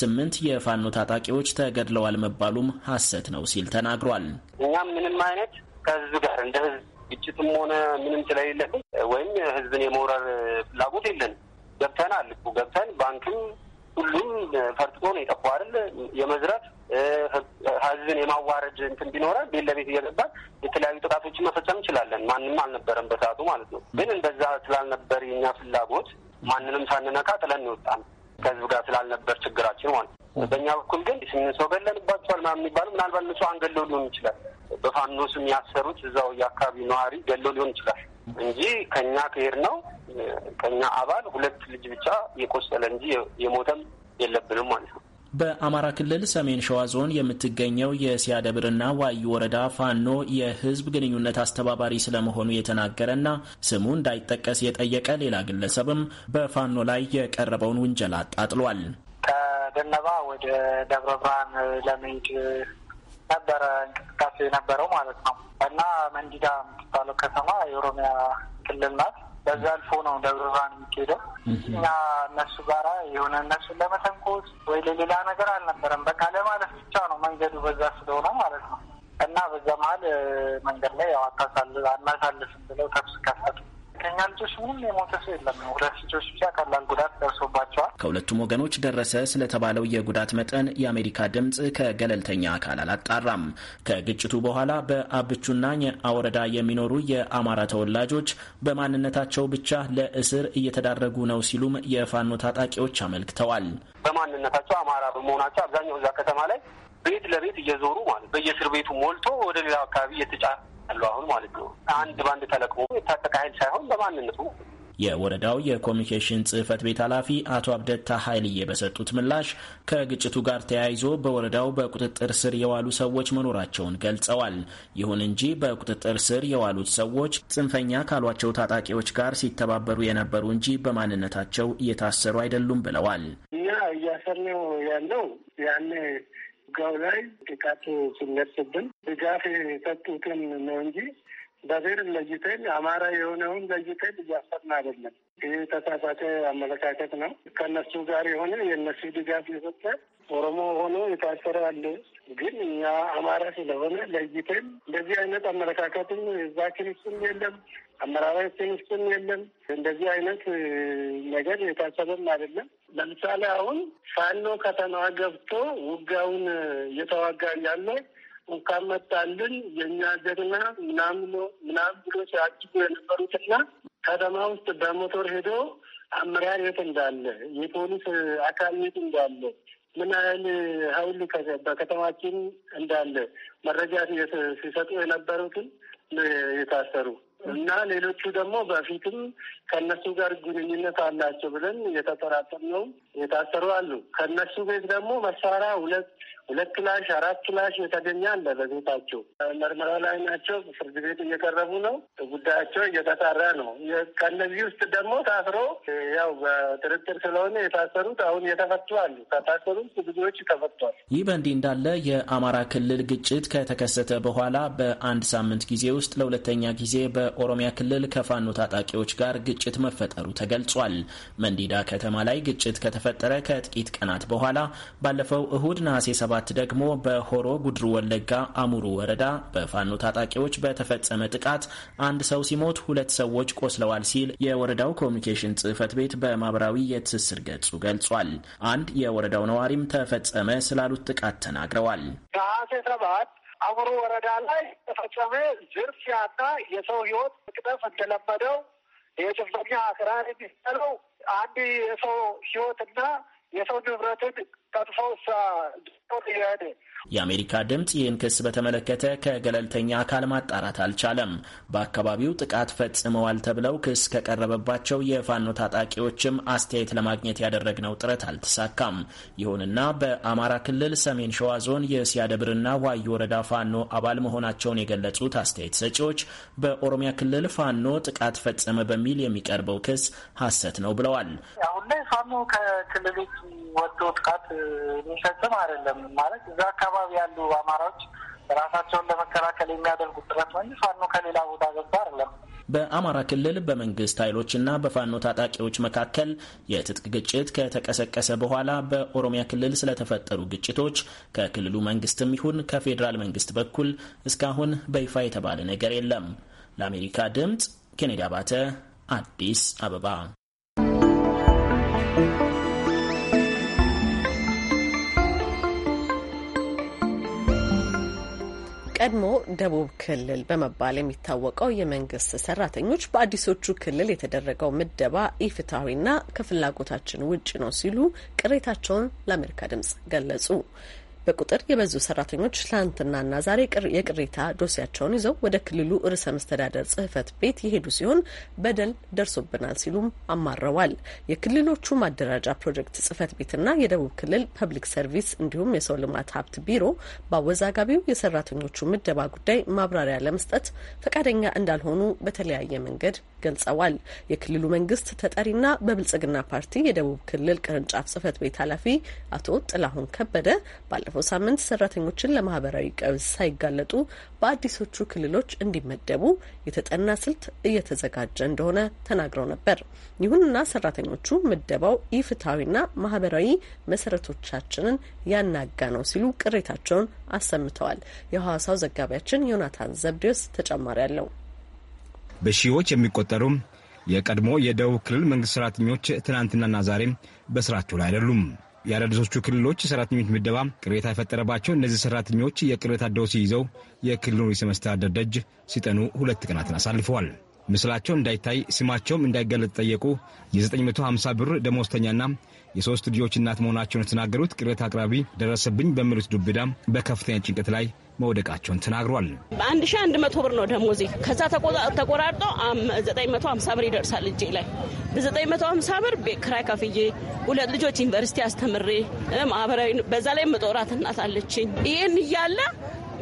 ስምንት የፋኖ ታጣቂዎች ተገድለዋል መባሉም ሐሰት ነው ሲል ተናግሯል። እኛም ምንም አይነት ከህዝብ ጋር እንደ ህዝብ ግጭትም ሆነ ምንም ስለሌለን ወይም ህዝብን የመውረር ፍላጎት የለንም። ገብተናል እኮ ገብተን ባንክም ሁሉም ፈርጥጦ ነው የጠፋ አይደል? የመዝረፍ ህዝብን የማዋረድ እንትን ቢኖረ ቤት ለቤት እየገባን የተለያዩ ጥቃቶችን መፈጸም እንችላለን። ማንም አልነበረም በሰዓቱ ማለት ነው። ግን እንደዛ ስላልነበር የኛ ፍላጎት ማንንም ሳንነካ ጥለን ይወጣል ከህዝብ ጋር ስላልነበር ችግራችን ማለት ነው። በእኛ በኩል ግን ስምንት ሰው ገለንባቸዋል ምናምን የሚባሉ ምናልባት ንጹ አንገለው ሊሆን ይችላል በፋኖ ስም ያሰሩት እዛው የአካባቢ ነዋሪ ገሎ ሊሆን ይችላል እንጂ ከኛ ከሄድ ነው ከኛ አባል ሁለት ልጅ ብቻ የቆሰለ እንጂ የሞተም የለብንም ማለት ነው። በአማራ ክልል ሰሜን ሸዋ ዞን የምትገኘው የሲያደብርና ዋዩ ወረዳ ፋኖ የህዝብ ግንኙነት አስተባባሪ ስለመሆኑ የተናገረና ስሙ እንዳይጠቀስ የጠየቀ ሌላ ግለሰብም በፋኖ ላይ የቀረበውን ውንጀላ አጣጥሏል። ከደነባ ወደ ደብረ ብርሃን ለመሄድ ነበረ እንቅስቃሴ የነበረው ማለት ነው እና መንዲዳ የምትባለው ከተማ የኦሮሚያ ክልል ናት። በዛ አልፎ ነው ደብረ ብርሃን የሚካሄደው እና እነሱ ጋራ የሆነ እነሱን ለመተንኮስ ወይ ለሌላ ነገር አልነበረም። በቃ ለማለፍ ብቻ ነው መንገዱ በዛ ስለሆነ ማለት ነው እና በዛ መሀል መንገድ ላይ ያው አታሳልፍ አናሳልፍም ብለው ተኩስ ከፈቱ። ከኛ ልጆች ምንም የሞተ ሰው የለም። ሁለት ልጆች ብቻ ቀላል ጉዳት ደርሶባቸዋል። ከሁለቱም ወገኖች ደረሰ ስለተባለው የጉዳት መጠን የአሜሪካ ድምፅ ከገለልተኛ አካል አላጣራም። ከግጭቱ በኋላ በአብቹና አወረዳ የሚኖሩ የአማራ ተወላጆች በማንነታቸው ብቻ ለእስር እየተዳረጉ ነው ሲሉም የፋኖ ታጣቂዎች አመልክተዋል። በማንነታቸው አማራ በመሆናቸው አብዛኛው እዛ ከተማ ላይ ቤት ለቤት እየዞሩ ማለት በየእስር ቤቱ ሞልቶ ወደ ሌላው አካባቢ እየተጫ ያለው አሁን ማለት ነው። አንድ በአንድ ተለቅሞ የታጠቀ ኃይል ሳይሆን በማንነቱ የወረዳው የኮሚኒኬሽን ጽህፈት ቤት ኃላፊ አቶ አብደታ ኃይልዬ በሰጡት ምላሽ ከግጭቱ ጋር ተያይዞ በወረዳው በቁጥጥር ስር የዋሉ ሰዎች መኖራቸውን ገልጸዋል። ይሁን እንጂ በቁጥጥር ስር የዋሉት ሰዎች ጽንፈኛ ካሏቸው ታጣቂዎች ጋር ሲተባበሩ የነበሩ እንጂ በማንነታቸው እየታሰሩ አይደሉም ብለዋል። እኛ እያሰርነው ያለው ያኔ ጋው ላይ ጥቃት ሲነስብን ድጋፍ የሰጡትን ነው እንጂ በብሔር ለይተን አማራ የሆነውን ለይተን እያሰብን አይደለም። ይህ ተሳሳተ አመለካከት ነው። ከእነሱ ጋር የሆነ የእነሱ ድጋፍ የሰጠ ኦሮሞ ሆኖ የታሰረ አለ። ግን እኛ አማራ ስለሆነ ለይተን እንደዚህ አይነት አመለካከትም የዛ ውስጥም የለም፣ አመራራችን ውስጥም የለም። እንደዚህ አይነት ነገር የታሰበም አይደለም። ለምሳሌ አሁን ፋኖ ከተማ ገብቶ ውጋውን እየተዋጋ ያለ እንኳን መጣልን የእኛ ጀግና ምናምን ምናምን ብሎ ሲያጅቡ የነበሩትና ከተማ ውስጥ በሞቶር ሄዶ አመራር የት እንዳለ የፖሊስ አካል የት እንዳለ ምን ያህል ሀውል በከተማችን እንዳለ መረጃ ሲሰጡ የነበሩትን የታሰሩ እና ሌሎቹ ደግሞ በፊትም ከእነሱ ጋር ግንኙነት አላቸው ብለን ነው የታሰሩ አሉ። ከእነሱ ቤት ደግሞ መሳሪያ ሁለት ሁለት ላሽ አራት ላሽ የተገኘ አለ። በቤታቸው መርመራ ላይ ናቸው። ፍርድ ቤት እየቀረቡ ነው። ጉዳያቸው እየተጣራ ነው። ከነዚህ ውስጥ ደግሞ ታስሮ ያው በጥርጥር ስለሆነ የታሰሩት አሁን የተፈቱ አሉ። ከታሰሩት ብዙዎች ተፈቷል። ይህ በእንዲህ እንዳለ የአማራ ክልል ግጭት ከተከሰተ በኋላ በአንድ ሳምንት ጊዜ ውስጥ ለሁለተኛ ጊዜ በኦሮሚያ ክልል ከፋኖ ታጣቂዎች ጋር ግጭት መፈጠሩ ተገልጿል። መንዲዳ ከተማ ላይ ግጭት ከተፈጠረ ከጥቂት ቀናት በኋላ ባለፈው እሁድ ነሐሴ ሰባት ሰባት ደግሞ በሆሮ ጉድሩ ወለጋ አሙሩ ወረዳ በፋኖ ታጣቂዎች በተፈጸመ ጥቃት አንድ ሰው ሲሞት ሁለት ሰዎች ቆስለዋል ሲል የወረዳው ኮሚኒኬሽን ጽህፈት ቤት በማህበራዊ የትስስር ገጹ ገልጿል። አንድ የወረዳው ነዋሪም ተፈጸመ ስላሉት ጥቃት ተናግረዋል። ከአሴ ሰባት አሙሩ ወረዳ ላይ ተፈጸመ ዝርፊያና የሰው ህይወት መቅጠፍ እንደለመደው የጭፍተኛ አክራሪ የሚባለው አንድ የሰው ህይወትና የሰው ንብረትን ቀጥፈው የአሜሪካ ድምፅ ይህን ክስ በተመለከተ ከገለልተኛ አካል ማጣራት አልቻለም። በአካባቢው ጥቃት ፈጽመዋል ተብለው ክስ ከቀረበባቸው የፋኖ ታጣቂዎችም አስተያየት ለማግኘት ያደረግነው ጥረት አልተሳካም። ይሁንና በአማራ ክልል ሰሜን ሸዋ ዞን የሲያደብርና ዋዩ ወረዳ ፋኖ አባል መሆናቸውን የገለጹት አስተያየት ሰጪዎች በኦሮሚያ ክልል ፋኖ ጥቃት ፈጸመ በሚል የሚቀርበው ክስ ሐሰት ነው ብለዋል። አሁን ላይ ፋኖ ከክልሎች ወጥቶ ጥቃት የሚፈጽም አይደለም እንችላለን ማለት እዛ አካባቢ ያሉ አማራዎች ራሳቸውን ለመከላከል የሚያደርጉት ጥረት ወንጅ ፋኖ ከሌላ ቦታ ገባ አይደለም። በአማራ ክልል በመንግስት ኃይሎችና በፋኖ ታጣቂዎች መካከል የትጥቅ ግጭት ከተቀሰቀሰ በኋላ በኦሮሚያ ክልል ስለተፈጠሩ ግጭቶች ከክልሉ መንግስትም ይሁን ከፌዴራል መንግስት በኩል እስካሁን በይፋ የተባለ ነገር የለም። ለአሜሪካ ድምፅ ኬኔዲ አባተ አዲስ አበባ ቀድሞ ደቡብ ክልል በመባል የሚታወቀው የመንግስት ሰራተኞች በአዲሶቹ ክልል የተደረገው ምደባ ኢፍትሐዊና ከፍላጎታችን ውጭ ነው ሲሉ ቅሬታቸውን ለአሜሪካ ድምጽ ገለጹ። በቁጥር የበዙ ሰራተኞች ትላንትናና ዛሬ የቅሬታ ዶሴያቸውን ይዘው ወደ ክልሉ ርዕሰ መስተዳደር ጽህፈት ቤት የሄዱ ሲሆን በደል ደርሶብናል ሲሉም አማረዋል። የክልሎቹ ማደራጃ ፕሮጀክት ጽህፈት ቤትና የደቡብ ክልል ፐብሊክ ሰርቪስ እንዲሁም የሰው ልማት ሀብት ቢሮ በአወዛጋቢው የሰራተኞቹ ምደባ ጉዳይ ማብራሪያ ለመስጠት ፈቃደኛ እንዳልሆኑ በተለያየ መንገድ ገልጸዋል። የክልሉ መንግስት ተጠሪና በብልጽግና ፓርቲ የደቡብ ክልል ቅርንጫፍ ጽህፈት ቤት ኃላፊ አቶ ጥላሁን ከበደ ባለ ባለፈው ሳምንት ሰራተኞችን ለማህበራዊ ቀውስ ሳይጋለጡ በአዲሶቹ ክልሎች እንዲመደቡ የተጠና ስልት እየተዘጋጀ እንደሆነ ተናግረው ነበር። ይሁንና ሰራተኞቹ ምደባው ኢፍትሐዊና ማህበራዊ መሰረቶቻችንን ያናጋ ነው ሲሉ ቅሬታቸውን አሰምተዋል። የሐዋሳው ዘጋቢያችን ዮናታን ዘብዴዎስ ተጨማሪ አለው። በሺዎች የሚቆጠሩ የቀድሞ የደቡብ ክልል መንግስት ሰራተኞች ትናንትናና ዛሬ በስራቸው ላይ አይደሉም። የአዳዲሶቹ ክልሎች ሰራተኞች ምደባ ቅሬታ የፈጠረባቸው እነዚህ ሰራተኞች የቅሬታ ደውስ ይዘው የክልሉ ርዕሰ መስተዳደር ደጅ ሲጠኑ ሁለት ቀናትን አሳልፈዋል። ምስላቸው እንዳይታይ ስማቸውም እንዳይገለጥ ጠየቁ። የ950 ብር ደሞዝተኛና የሶስት ልጆች እናት መሆናቸውን የተናገሩት ቅሬታ አቅራቢ ደረሰብኝ በሚሉት ዱብዳ በከፍተኛ ጭንቀት ላይ መውደቃቸውን ተናግሯል። በአንድ ሺ አንድ መቶ ብር ነው ደሞዜ። ከዛ ተቆራርጦ ዘጠኝ መቶ ሀምሳ ብር ይደርሳል እጄ ላይ በዘጠኝ መቶ ሀምሳ ብር ክራይ ከፍዬ ሁለት ልጆች ዩኒቨርሲቲ አስተምሬ ማህበራዊ በዛ ላይ መጦራት እናት አለችኝ። ይህን እያለ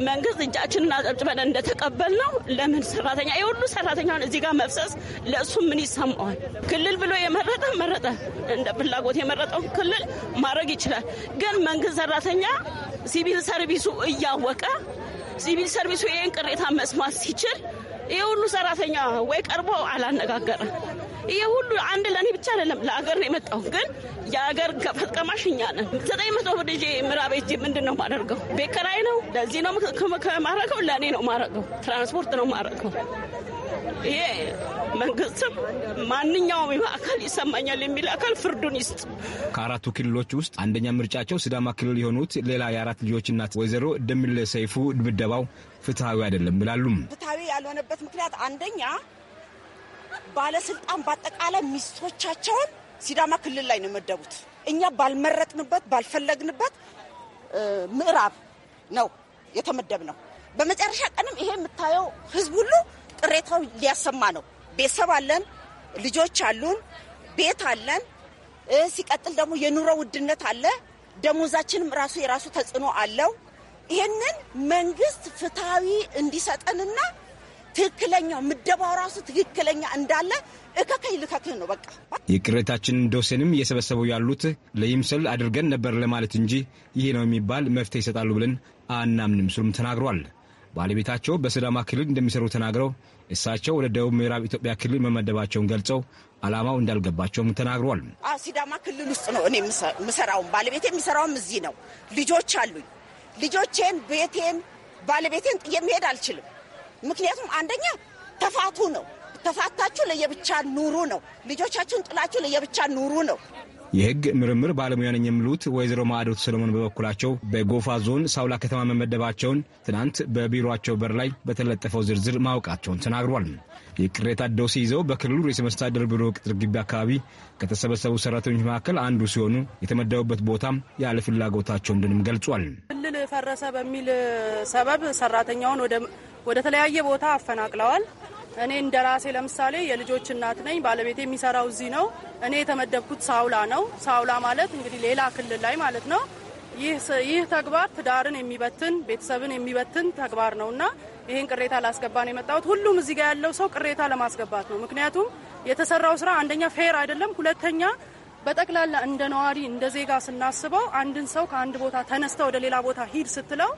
መንግስት እጃችንን አጨብጭበን እንደተቀበል ነው። ለምን ሰራተኛ የሁሉ ሰራተኛውን እዚህ ጋር መፍሰስ ለእሱ ምን ይሰማዋል? ክልል ብሎ የመረጠ መረጠ፣ እንደ ፍላጎት የመረጠውን ክልል ማድረግ ይችላል። ግን መንግስት ሰራተኛ ሲቪል ሰርቪሱ እያወቀ ሲቪል ሰርቪሱ ይህን ቅሬታ መስማት ሲችል ይህ ሁሉ ሰራተኛ ወይ ቀርቦ አላነጋገረ። ይህ ሁሉ አንድ ለእኔ ብቻ አይደለም፣ ለአገር ነው የመጣው። ግን የአገር ገፈት እኛ ነን። ዘጠኝ መቶ ብር ይዤ ምዕራብ ሄጄ ምንድን ነው ማደርገው? ቤት ኪራይ ነው። ለዚህ ነው ከማረገው፣ ለእኔ ነው ማረገው፣ ትራንስፖርት ነው ማረገው። ይሄ መንግስትም ማንኛውም አካል ይሰማኛል የሚል አካል ፍርዱን ይስጥ። ከአራቱ ክልሎች ውስጥ አንደኛ ምርጫቸው ሲዳማ ክልል የሆኑት ሌላ የአራት ልጆች እናት ወይዘሮ ደምለ ሰይፉ ድብደባው ፍትሐዊ አይደለም ብላሉም። ፍትሐዊ ያልሆነበት ምክንያት አንደኛ ባለስልጣን በአጠቃላይ ሚስቶቻቸውን ሲዳማ ክልል ላይ ነው የመደቡት። እኛ ባልመረጥንበት ባልፈለግንበት ምዕራብ ነው የተመደብ ነው። በመጨረሻ ቀንም ይሄ የምታየው ህዝብ ሁሉ ቅሬታው ሊያሰማ ነው። ቤተሰብ አለን፣ ልጆች አሉን፣ ቤት አለን። ሲቀጥል ደግሞ የኑሮ ውድነት አለ። ደሞዛችንም ራሱ የራሱ ተጽዕኖ አለው። ይህንን መንግስት ፍትሐዊ እንዲሰጠንና ትክክለኛ ምደባው ራሱ ትክክለኛ እንዳለ እከከይ ልከክል ነው በቃ። የቅሬታችንን ዶሴንም እየሰበሰቡ ያሉት ለይምሰል አድርገን ነበር ለማለት እንጂ ይሄ ነው የሚባል መፍትሄ ይሰጣሉ ብለን አናምንም ስሉም ተናግሯል። ባለቤታቸው በሲዳማ ክልል እንደሚሰሩ ተናግረው እሳቸው ወደ ደቡብ ምዕራብ ኢትዮጵያ ክልል መመደባቸውን ገልጸው ዓላማው እንዳልገባቸውም ተናግሯል። ሲዳማ ክልል ውስጥ ነው እኔ ምሰራውም ባለቤቴ የሚሰራውም እዚህ ነው። ልጆች አሉኝ። ልጆቼን፣ ቤቴን፣ ባለቤቴን ጥዬ መሄድ አልችልም። ምክንያቱም አንደኛ ተፋቱ ነው ተፋታችሁ ለየብቻ ኑሩ ነው። ልጆቻችሁን ጥላችሁ ለየብቻ ኑሩ ነው። የህግ ምርምር ባለሙያ ነኝ የሚሉት ወይዘሮ ማዕዶት ሰለሞን በበኩላቸው በጎፋ ዞን ሳውላ ከተማ መመደባቸውን ትናንት በቢሮቸው በር ላይ በተለጠፈው ዝርዝር ማወቃቸውን ተናግሯል። የቅሬታ ደሴ ይዘው በክልሉ ርዕሰ መስተዳድር ቢሮ ቅጥር ግቢ አካባቢ ከተሰበሰቡ ሰራተኞች መካከል አንዱ ሲሆኑ የተመደቡበት ቦታም ያለ ፍላጎታቸው እንድንም ገልጿል። ክልል ፈረሰ በሚል ሰበብ ሰራተኛውን ወደ ተለያየ ቦታ አፈናቅለዋል። እኔ እንደ ራሴ ለምሳሌ የልጆች እናት ነኝ። ባለቤት የሚሰራው እዚህ ነው። እኔ የተመደብኩት ሳውላ ነው። ሳውላ ማለት እንግዲህ ሌላ ክልል ላይ ማለት ነው። ይህ ተግባር ትዳርን የሚበትን ቤተሰብን የሚበትን ተግባር ነው እና ይህን ቅሬታ ላስገባ ነው የመጣሁት። ሁሉም እዚህ ጋር ያለው ሰው ቅሬታ ለማስገባት ነው። ምክንያቱም የተሰራው ስራ አንደኛ ፌር አይደለም፣ ሁለተኛ በጠቅላላ እንደ ነዋሪ እንደ ዜጋ ስናስበው አንድን ሰው ከአንድ ቦታ ተነስተ ወደ ሌላ ቦታ ሂድ ስትለው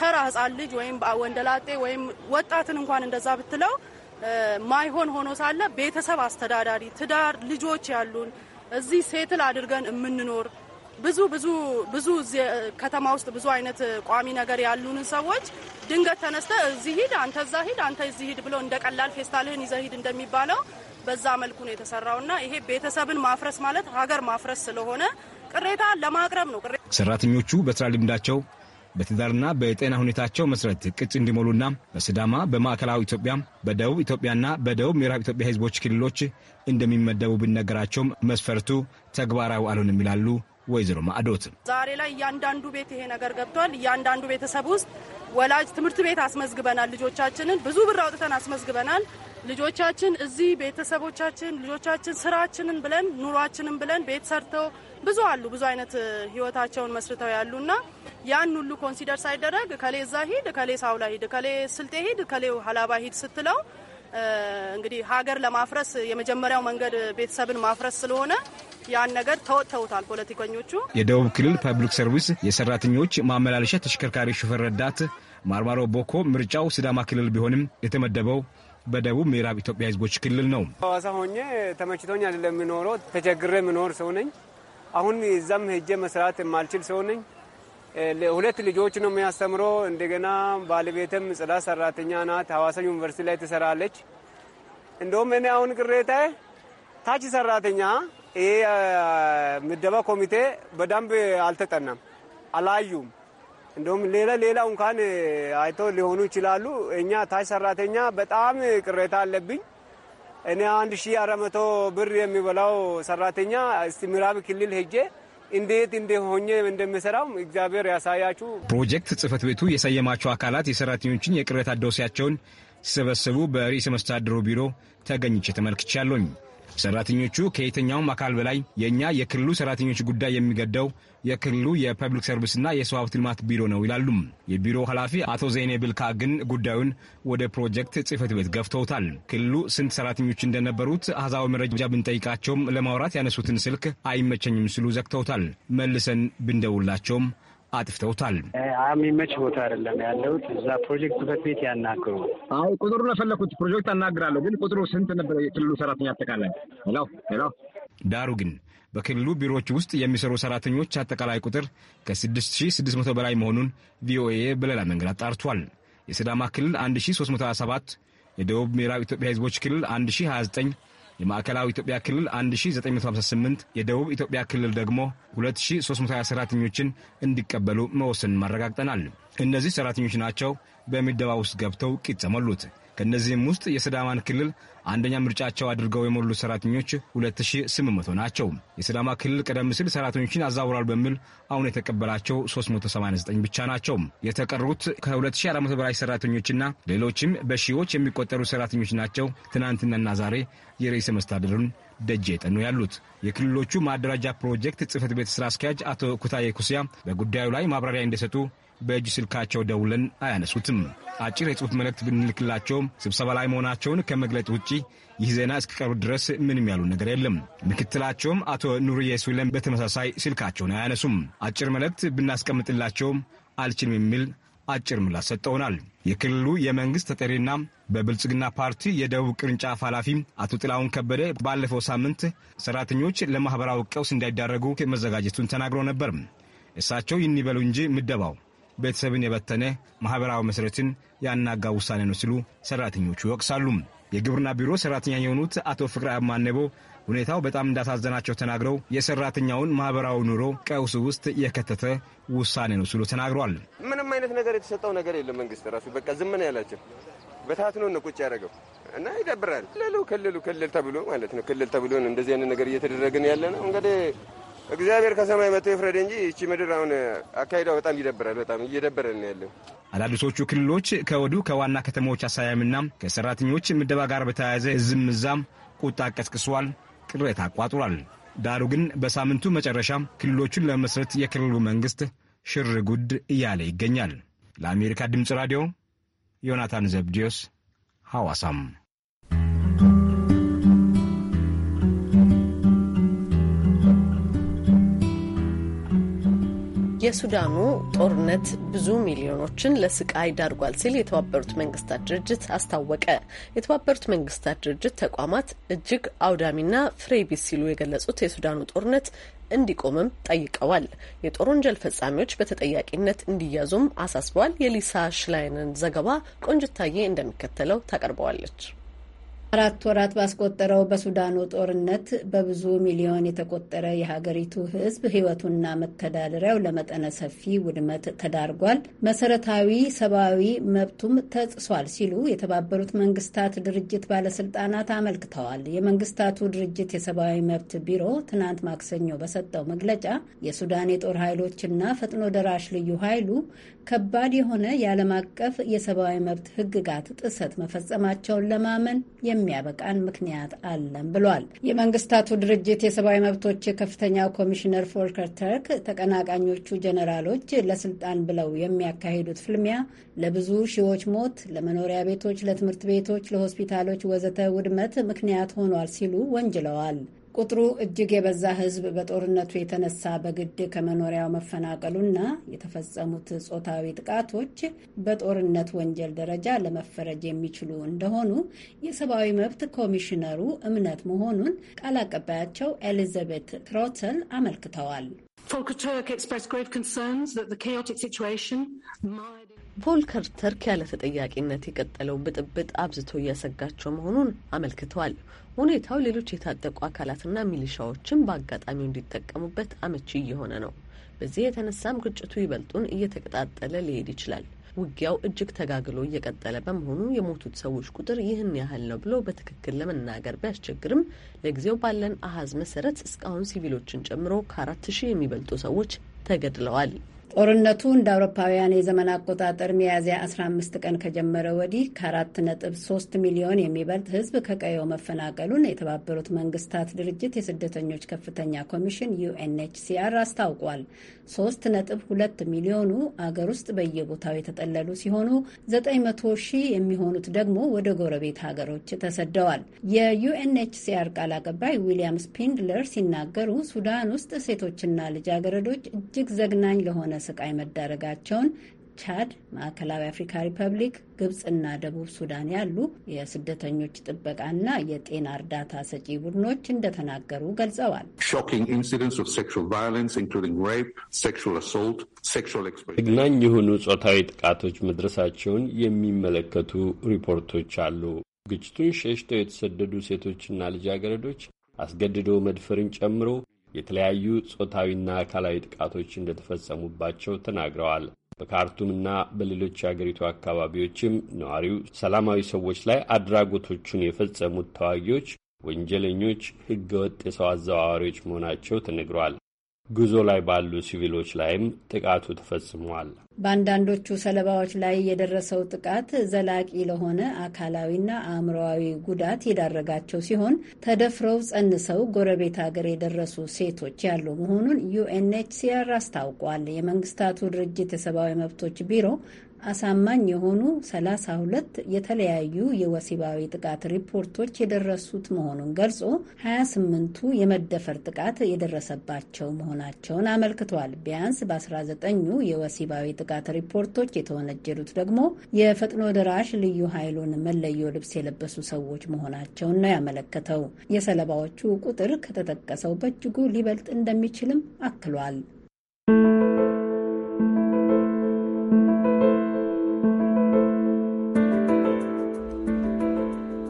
ተራ ህጻን ልጅ ወይም ወንደላጤ ወይም ወጣትን እንኳን እንደዛ ብትለው ማይሆን ሆኖ ሳለ ቤተሰብ አስተዳዳሪ፣ ትዳር፣ ልጆች ያሉን እዚህ ሴትል አድርገን የምንኖር ብዙ ብዙ ብዙ ከተማ ውስጥ ብዙ አይነት ቋሚ ነገር ያሉንን ሰዎች ድንገት ተነስተ እዚህ ሂድ፣ አንተ እዛ ሂድ፣ አንተ እዚህ ሂድ ብሎ እንደ ቀላል ፌስታልህን ይዘህ ሂድ እንደሚባለው በዛ መልኩ ነው የተሰራው የተሰራውና ይሄ ቤተሰብን ማፍረስ ማለት ሀገር ማፍረስ ስለሆነ ቅሬታ ለማቅረብ ነው። ሰራተኞቹ በስራ ልምዳቸው በትዳርና በጤና ሁኔታቸው መሰረት ቅጽ እንዲሞሉና በስዳማ፣ በማዕከላዊ ኢትዮጵያ፣ በደቡብ ኢትዮጵያና በደቡብ ምዕራብ ኢትዮጵያ ህዝቦች ክልሎች እንደሚመደቡ ቢነገራቸውም መስፈርቱ ተግባራዊ አልሆንም ይላሉ ወይዘሮ ማዕዶት። ዛሬ ላይ እያንዳንዱ ቤት ይሄ ነገር ገብቷል። እያንዳንዱ ቤተሰብ ውስጥ ወላጅ ትምህርት ቤት አስመዝግበናል፣ ልጆቻችንን ብዙ ብር አውጥተን አስመዝግበናል። ልጆቻችን እዚህ ቤተሰቦቻችን ልጆቻችን ስራችንን ብለን ኑሯችንን ብለን ቤት ሰርተው ብዙ አሉ። ብዙ አይነት ህይወታቸውን መስርተው ያሉና ያን ሁሉ ኮንሲደር ሳይደረግ ከሌ እዛ ሂድ፣ ከሌ ሳውላ ሂድ፣ ከሌ ስልጤ ሂድ፣ ከሌው ሀላባ ሂድ ስትለው እንግዲህ ሀገር ለማፍረስ የመጀመሪያው መንገድ ቤተሰብን ማፍረስ ስለሆነ ያን ነገር ተወጥተውታል ፖለቲከኞቹ። የደቡብ ክልል ፐብሊክ ሰርቪስ የሰራተኞች ማመላለሻ ተሽከርካሪ ሹፌር ረዳት ማርማሮ ቦኮ ምርጫው ሲዳማ ክልል ቢሆንም የተመደበው በደቡብ ምዕራብ ኢትዮጵያ ህዝቦች ክልል ነው። ሐዋሳ ሆኜ ተመችቶኝ አይደለም የምኖረው፣ ተቸግሬ የምኖር ሰው ነኝ። አሁን እዛም ሄጄ መስራት የማልችል ሰው ነኝ። ሁለት ልጆች ነው የሚያስተምሮ። እንደገና ባለቤትም ጽዳት ሰራተኛ ናት። ሀዋሳ ዩኒቨርሲቲ ላይ ትሰራለች። እንደውም እኔ አሁን ቅሬታ ታች ሰራተኛ ይሄ ምደባ ኮሚቴ በደንብ አልተጠናም፣ አላዩም። እንደውም ሌላ ሌላ እንኳን አይቶ ሊሆኑ ይችላሉ። እኛ ታች ሰራተኛ በጣም ቅሬታ አለብኝ። እኔ አንድ ሺ አራት መቶ ብር የሚበላው ሰራተኛ እስቲ ምዕራብ ክልል ሄጄ እንዴት እንደሆኜ እንደምሰራው እግዚአብሔር ያሳያችሁ። ፕሮጀክት ጽህፈት ቤቱ የሰየማቸው አካላት የሰራተኞችን የቅሬታ ዶሴያቸውን ሲሰበስቡ በርዕሰ መስተዳድሩ ቢሮ ተገኝቼ ተመልክቻለሁኝ። ሰራተኞቹ ከየትኛውም አካል በላይ የእኛ የክልሉ ሰራተኞች ጉዳይ የሚገደው የክልሉ የፐብሊክ ሰርቪስና የሰው ሀብት ልማት ቢሮ ነው ይላሉ። የቢሮው ኃላፊ አቶ ዘይኔ ብልካ ግን ጉዳዩን ወደ ፕሮጀክት ጽህፈት ቤት ገፍተውታል። ክልሉ ስንት ሰራተኞች እንደነበሩት አሃዛዊ መረጃ ብንጠይቃቸውም ለማውራት ያነሱትን ስልክ አይመቸኝም ሲሉ ዘግተውታል። መልሰን ብንደውላቸውም አጥፍተውታል። አም የሚመች ቦታ አይደለም ያለሁት። እዛ ፕሮጀክት ጽሕፈት ቤት ያናግሩ። አይ ቁጥሩን የፈለኩት ፕሮጀክት አናግራለሁ፣ ግን ቁጥሩ ስንት ነበር የክልሉ ሰራተኛ አጠቃላይ ሄሎ ሄሎ። ዳሩ ግን በክልሉ ቢሮዎች ውስጥ የሚሰሩ ሰራተኞች አጠቃላይ ቁጥር ከ6600 በላይ መሆኑን ቪኦኤ በሌላ መንገድ አጣርቷል። የሲዳማ ክልል 1327፣ የደቡብ ምዕራብ ኢትዮጵያ ህዝቦች ክልል 1029 የማዕከላዊ ኢትዮጵያ ክልል 1958 የደቡብ ኢትዮጵያ ክልል ደግሞ 2324 ሰራተኞችን እንዲቀበሉ መወሰን ማረጋግጠናል። እነዚህ ሰራተኞች ናቸው በሚደባ ውስጥ ገብተው ቂጥ ተሞሉት። ከእነዚህም ውስጥ የስዳማን ክልል አንደኛ ምርጫቸው አድርገው የሞሉ ሰራተኞች 2800 ናቸው። የስዳማ ክልል ቀደም ሲል ሰራተኞችን አዛውራል በሚል አሁን የተቀበላቸው 389 ብቻ ናቸው። የተቀሩት ከ2400 በላይ ሰራተኞችና ሌሎችም በሺዎች የሚቆጠሩ ሰራተኞች ናቸው። ትናንትናና ዛሬ የርዕሰ መስተዳድሩን ደጅ የጠኑ ያሉት የክልሎቹ ማደራጃ ፕሮጀክት ጽህፈት ቤት ስራ አስኪያጅ አቶ ኩታዬ ኩስያ በጉዳዩ ላይ ማብራሪያ እንደሰጡ በእጅ ስልካቸው ደውለን አያነሱትም። አጭር የጽሑፍ መልእክት ብንልክላቸውም ስብሰባ ላይ መሆናቸውን ከመግለጥ ውጪ ይህ ዜና እስኪቀሩ ድረስ ምንም ያሉ ነገር የለም። ምክትላቸውም አቶ ኑርዬ ሱለም በተመሳሳይ ስልካቸውን አያነሱም። አጭር መልእክት ብናስቀምጥላቸውም አልችልም የሚል አጭር ምላሽ ሰጠውናል። የክልሉ የመንግስት ተጠሪና በብልጽግና ፓርቲ የደቡብ ቅርንጫፍ ኃላፊ አቶ ጥላሁን ከበደ ባለፈው ሳምንት ሰራተኞች ለማኅበራዊ ቀውስ እንዳይዳረጉ መዘጋጀቱን ተናግሮ ነበር። እሳቸው ይህን ይበሉ እንጂ ምደባው ቤተሰብን የበተነ ማህበራዊ መሠረትን ያናጋ ውሳኔ ነው ሲሉ ሠራተኞቹ ይወቅሳሉ። የግብርና ቢሮ ሰራተኛ የሆኑት አቶ ፍቅረ አማነቦ ሁኔታው በጣም እንዳሳዘናቸው ተናግረው የሰራተኛውን ማህበራዊ ኑሮ ቀውስ ውስጥ የከተተ ውሳኔ ነው ሲሉ ተናግረዋል። ምንም አይነት ነገር የተሰጠው ነገር የለም። መንግስት ራሱ በቃ ዝም ነው ያላቸው። በታትኖ ነው ቁጭ ያደረገው እና ይደብራል። ክልሉ ክልሉ ክልል ተብሎ ማለት ነው ክልል ተብሎ እንደዚህ አይነት ነገር እየተደረገ ነው ያለ ነው እንግዲህ እግዚአብሔር ከሰማይ መጥቶ ይፍረድ እንጂ ይቺ ምድር አሁን አካሄዷ በጣም ይደብራል። በጣም እየደበረን ያለው አዳዲሶቹ ክልሎች ከወዲሁ ከዋና ከተሞች አሳያምና ከሰራተኞች ምደባ ጋር በተያያዘ ህዝብ ምዛም ቁጣ ቀስቅሷል፣ ቅሬታ አቋጥሯል። ዳሩ ግን በሳምንቱ መጨረሻ ክልሎቹን ለመስረት የክልሉ መንግስት ሽር ጉድ እያለ ይገኛል። ለአሜሪካ ድምፅ ራዲዮ ዮናታን ዘብዲዮስ ሐዋሳም የሱዳኑ ጦርነት ብዙ ሚሊዮኖችን ለስቃይ ዳርጓል ሲል የተባበሩት መንግስታት ድርጅት አስታወቀ። የተባበሩት መንግስታት ድርጅት ተቋማት እጅግ አውዳሚና ፍሬቢስ ሲሉ የገለጹት የሱዳኑ ጦርነት እንዲቆምም ጠይቀዋል። የጦር ወንጀል ፈጻሚዎች በተጠያቂነት እንዲያዙም አሳስበዋል። የሊሳ ሽላይንን ዘገባ ቆንጅታዬ እንደሚከተለው ታቀርበዋለች። አራት ወራት ባስቆጠረው በሱዳኑ ጦርነት በብዙ ሚሊዮን የተቆጠረ የሀገሪቱ ሕዝብ ሕይወቱና መተዳደሪያው ለመጠነ ሰፊ ውድመት ተዳርጓል፣ መሰረታዊ ሰብአዊ መብቱም ተጥሷል ሲሉ የተባበሩት መንግስታት ድርጅት ባለስልጣናት አመልክተዋል። የመንግስታቱ ድርጅት የሰብአዊ መብት ቢሮ ትናንት ማክሰኞ በሰጠው መግለጫ የሱዳን የጦር ኃይሎችና ፈጥኖ ደራሽ ልዩ ኃይሉ ከባድ የሆነ የዓለም አቀፍ የሰብአዊ መብት ሕግጋት ጥሰት መፈጸማቸውን ለማመን የሚያበቃን ምክንያት አለን ብሏል። የመንግስታቱ ድርጅት የሰብአዊ መብቶች ከፍተኛው ኮሚሽነር ፎልከር ተርክ ተቀናቃኞቹ ጀነራሎች ለስልጣን ብለው የሚያካሂዱት ፍልሚያ ለብዙ ሺዎች ሞት፣ ለመኖሪያ ቤቶች፣ ለትምህርት ቤቶች፣ ለሆስፒታሎች ወዘተ ውድመት ምክንያት ሆኗል ሲሉ ወንጅለዋል። ቁጥሩ እጅግ የበዛ ህዝብ በጦርነቱ የተነሳ በግድ ከመኖሪያው መፈናቀሉና የተፈጸሙት ጾታዊ ጥቃቶች በጦርነት ወንጀል ደረጃ ለመፈረጅ የሚችሉ እንደሆኑ የሰብአዊ መብት ኮሚሽነሩ እምነት መሆኑን ቃል አቀባያቸው ኤሊዛቤት ትሮተል አመልክተዋል። ቮልከር ተርክ ያለ ተጠያቂነት የቀጠለው ብጥብጥ አብዝቶ እያሰጋቸው መሆኑን አመልክተዋል። ሁኔታው ሌሎች የታጠቁ አካላትና ሚሊሻዎችን በአጋጣሚው እንዲጠቀሙበት አመቺ እየሆነ ነው። በዚህ የተነሳም ግጭቱ ይበልጡን እየተቀጣጠለ ሊሄድ ይችላል። ውጊያው እጅግ ተጋግሎ እየቀጠለ በመሆኑ የሞቱት ሰዎች ቁጥር ይህን ያህል ነው ብሎ በትክክል ለመናገር ቢያስቸግርም ለጊዜው ባለን አሀዝ መሰረት እስካሁን ሲቪሎችን ጨምሮ ከአራት ሺህ የሚበልጡ ሰዎች ተገድለዋል። ጦርነቱ እንደ አውሮፓውያን የዘመን አቆጣጠር ሚያዝያ 15 ቀን ከጀመረ ወዲህ ከ4.3 ሚሊዮን የሚበልጥ ሕዝብ ከቀየው መፈናቀሉን የተባበሩት መንግስታት ድርጅት የስደተኞች ከፍተኛ ኮሚሽን ዩኤንኤችሲአር አስታውቋል። 3.2 ሚሊዮኑ አገር ውስጥ በየቦታው የተጠለሉ ሲሆኑ 900 ሺህ የሚሆኑት ደግሞ ወደ ጎረቤት ሀገሮች ተሰደዋል። የዩኤንኤችሲአር ቃል አቀባይ ዊሊያም ስፒንድለር ሲናገሩ ሱዳን ውስጥ ሴቶችና ልጃገረዶች እጅግ ዘግናኝ ለሆነ ስቃይ መዳረጋቸውን ቻድ፣ ማዕከላዊ አፍሪካ ሪፐብሊክ፣ ግብፅና ደቡብ ሱዳን ያሉ የስደተኞች ጥበቃና የጤና እርዳታ ሰጪ ቡድኖች እንደተናገሩ ገልጸዋል። ትግናኝ የሆኑ ጾታዊ ጥቃቶች መድረሳቸውን የሚመለከቱ ሪፖርቶች አሉ። ግጭቱን ሸሽተው የተሰደዱ ሴቶችና ልጃገረዶች አስገድዶ መድፈርን ጨምሮ የተለያዩ ጾታዊና አካላዊ ጥቃቶች እንደተፈጸሙባቸው ተናግረዋል። በካርቱምና በሌሎች የአገሪቱ አካባቢዎችም ነዋሪው ሰላማዊ ሰዎች ላይ አድራጎቶቹን የፈጸሙት ተዋጊዎች ወንጀለኞች፣ ህገወጥ የሰው አዘዋዋሪዎች መሆናቸው ተነግሯል። ጉዞ ላይ ባሉ ሲቪሎች ላይም ጥቃቱ ተፈጽሟል። በአንዳንዶቹ ሰለባዎች ላይ የደረሰው ጥቃት ዘላቂ ለሆነ አካላዊና አእምሮዊ ጉዳት የዳረጋቸው ሲሆን ተደፍረው ጸንሰው ጎረቤት ሀገር የደረሱ ሴቶች ያሉ መሆኑን ዩኤንኤችሲአር አስታውቋል። የመንግስታቱ ድርጅት የሰብአዊ መብቶች ቢሮ አሳማኝ የሆኑ 32 የተለያዩ የወሲባዊ ጥቃት ሪፖርቶች የደረሱት መሆኑን ገልጾ 28ቱ የመደፈር ጥቃት የደረሰባቸው መሆናቸውን አመልክቷል። ቢያንስ በ19ኙ የወሲባዊ ጥቃት ሪፖርቶች የተወነጀሉት ደግሞ የፈጥኖ ደራሽ ልዩ ኃይሉን መለዮ ልብስ የለበሱ ሰዎች መሆናቸውን ነው ያመለከተው። የሰለባዎቹ ቁጥር ከተጠቀሰው በእጅጉ ሊበልጥ እንደሚችልም አክሏል።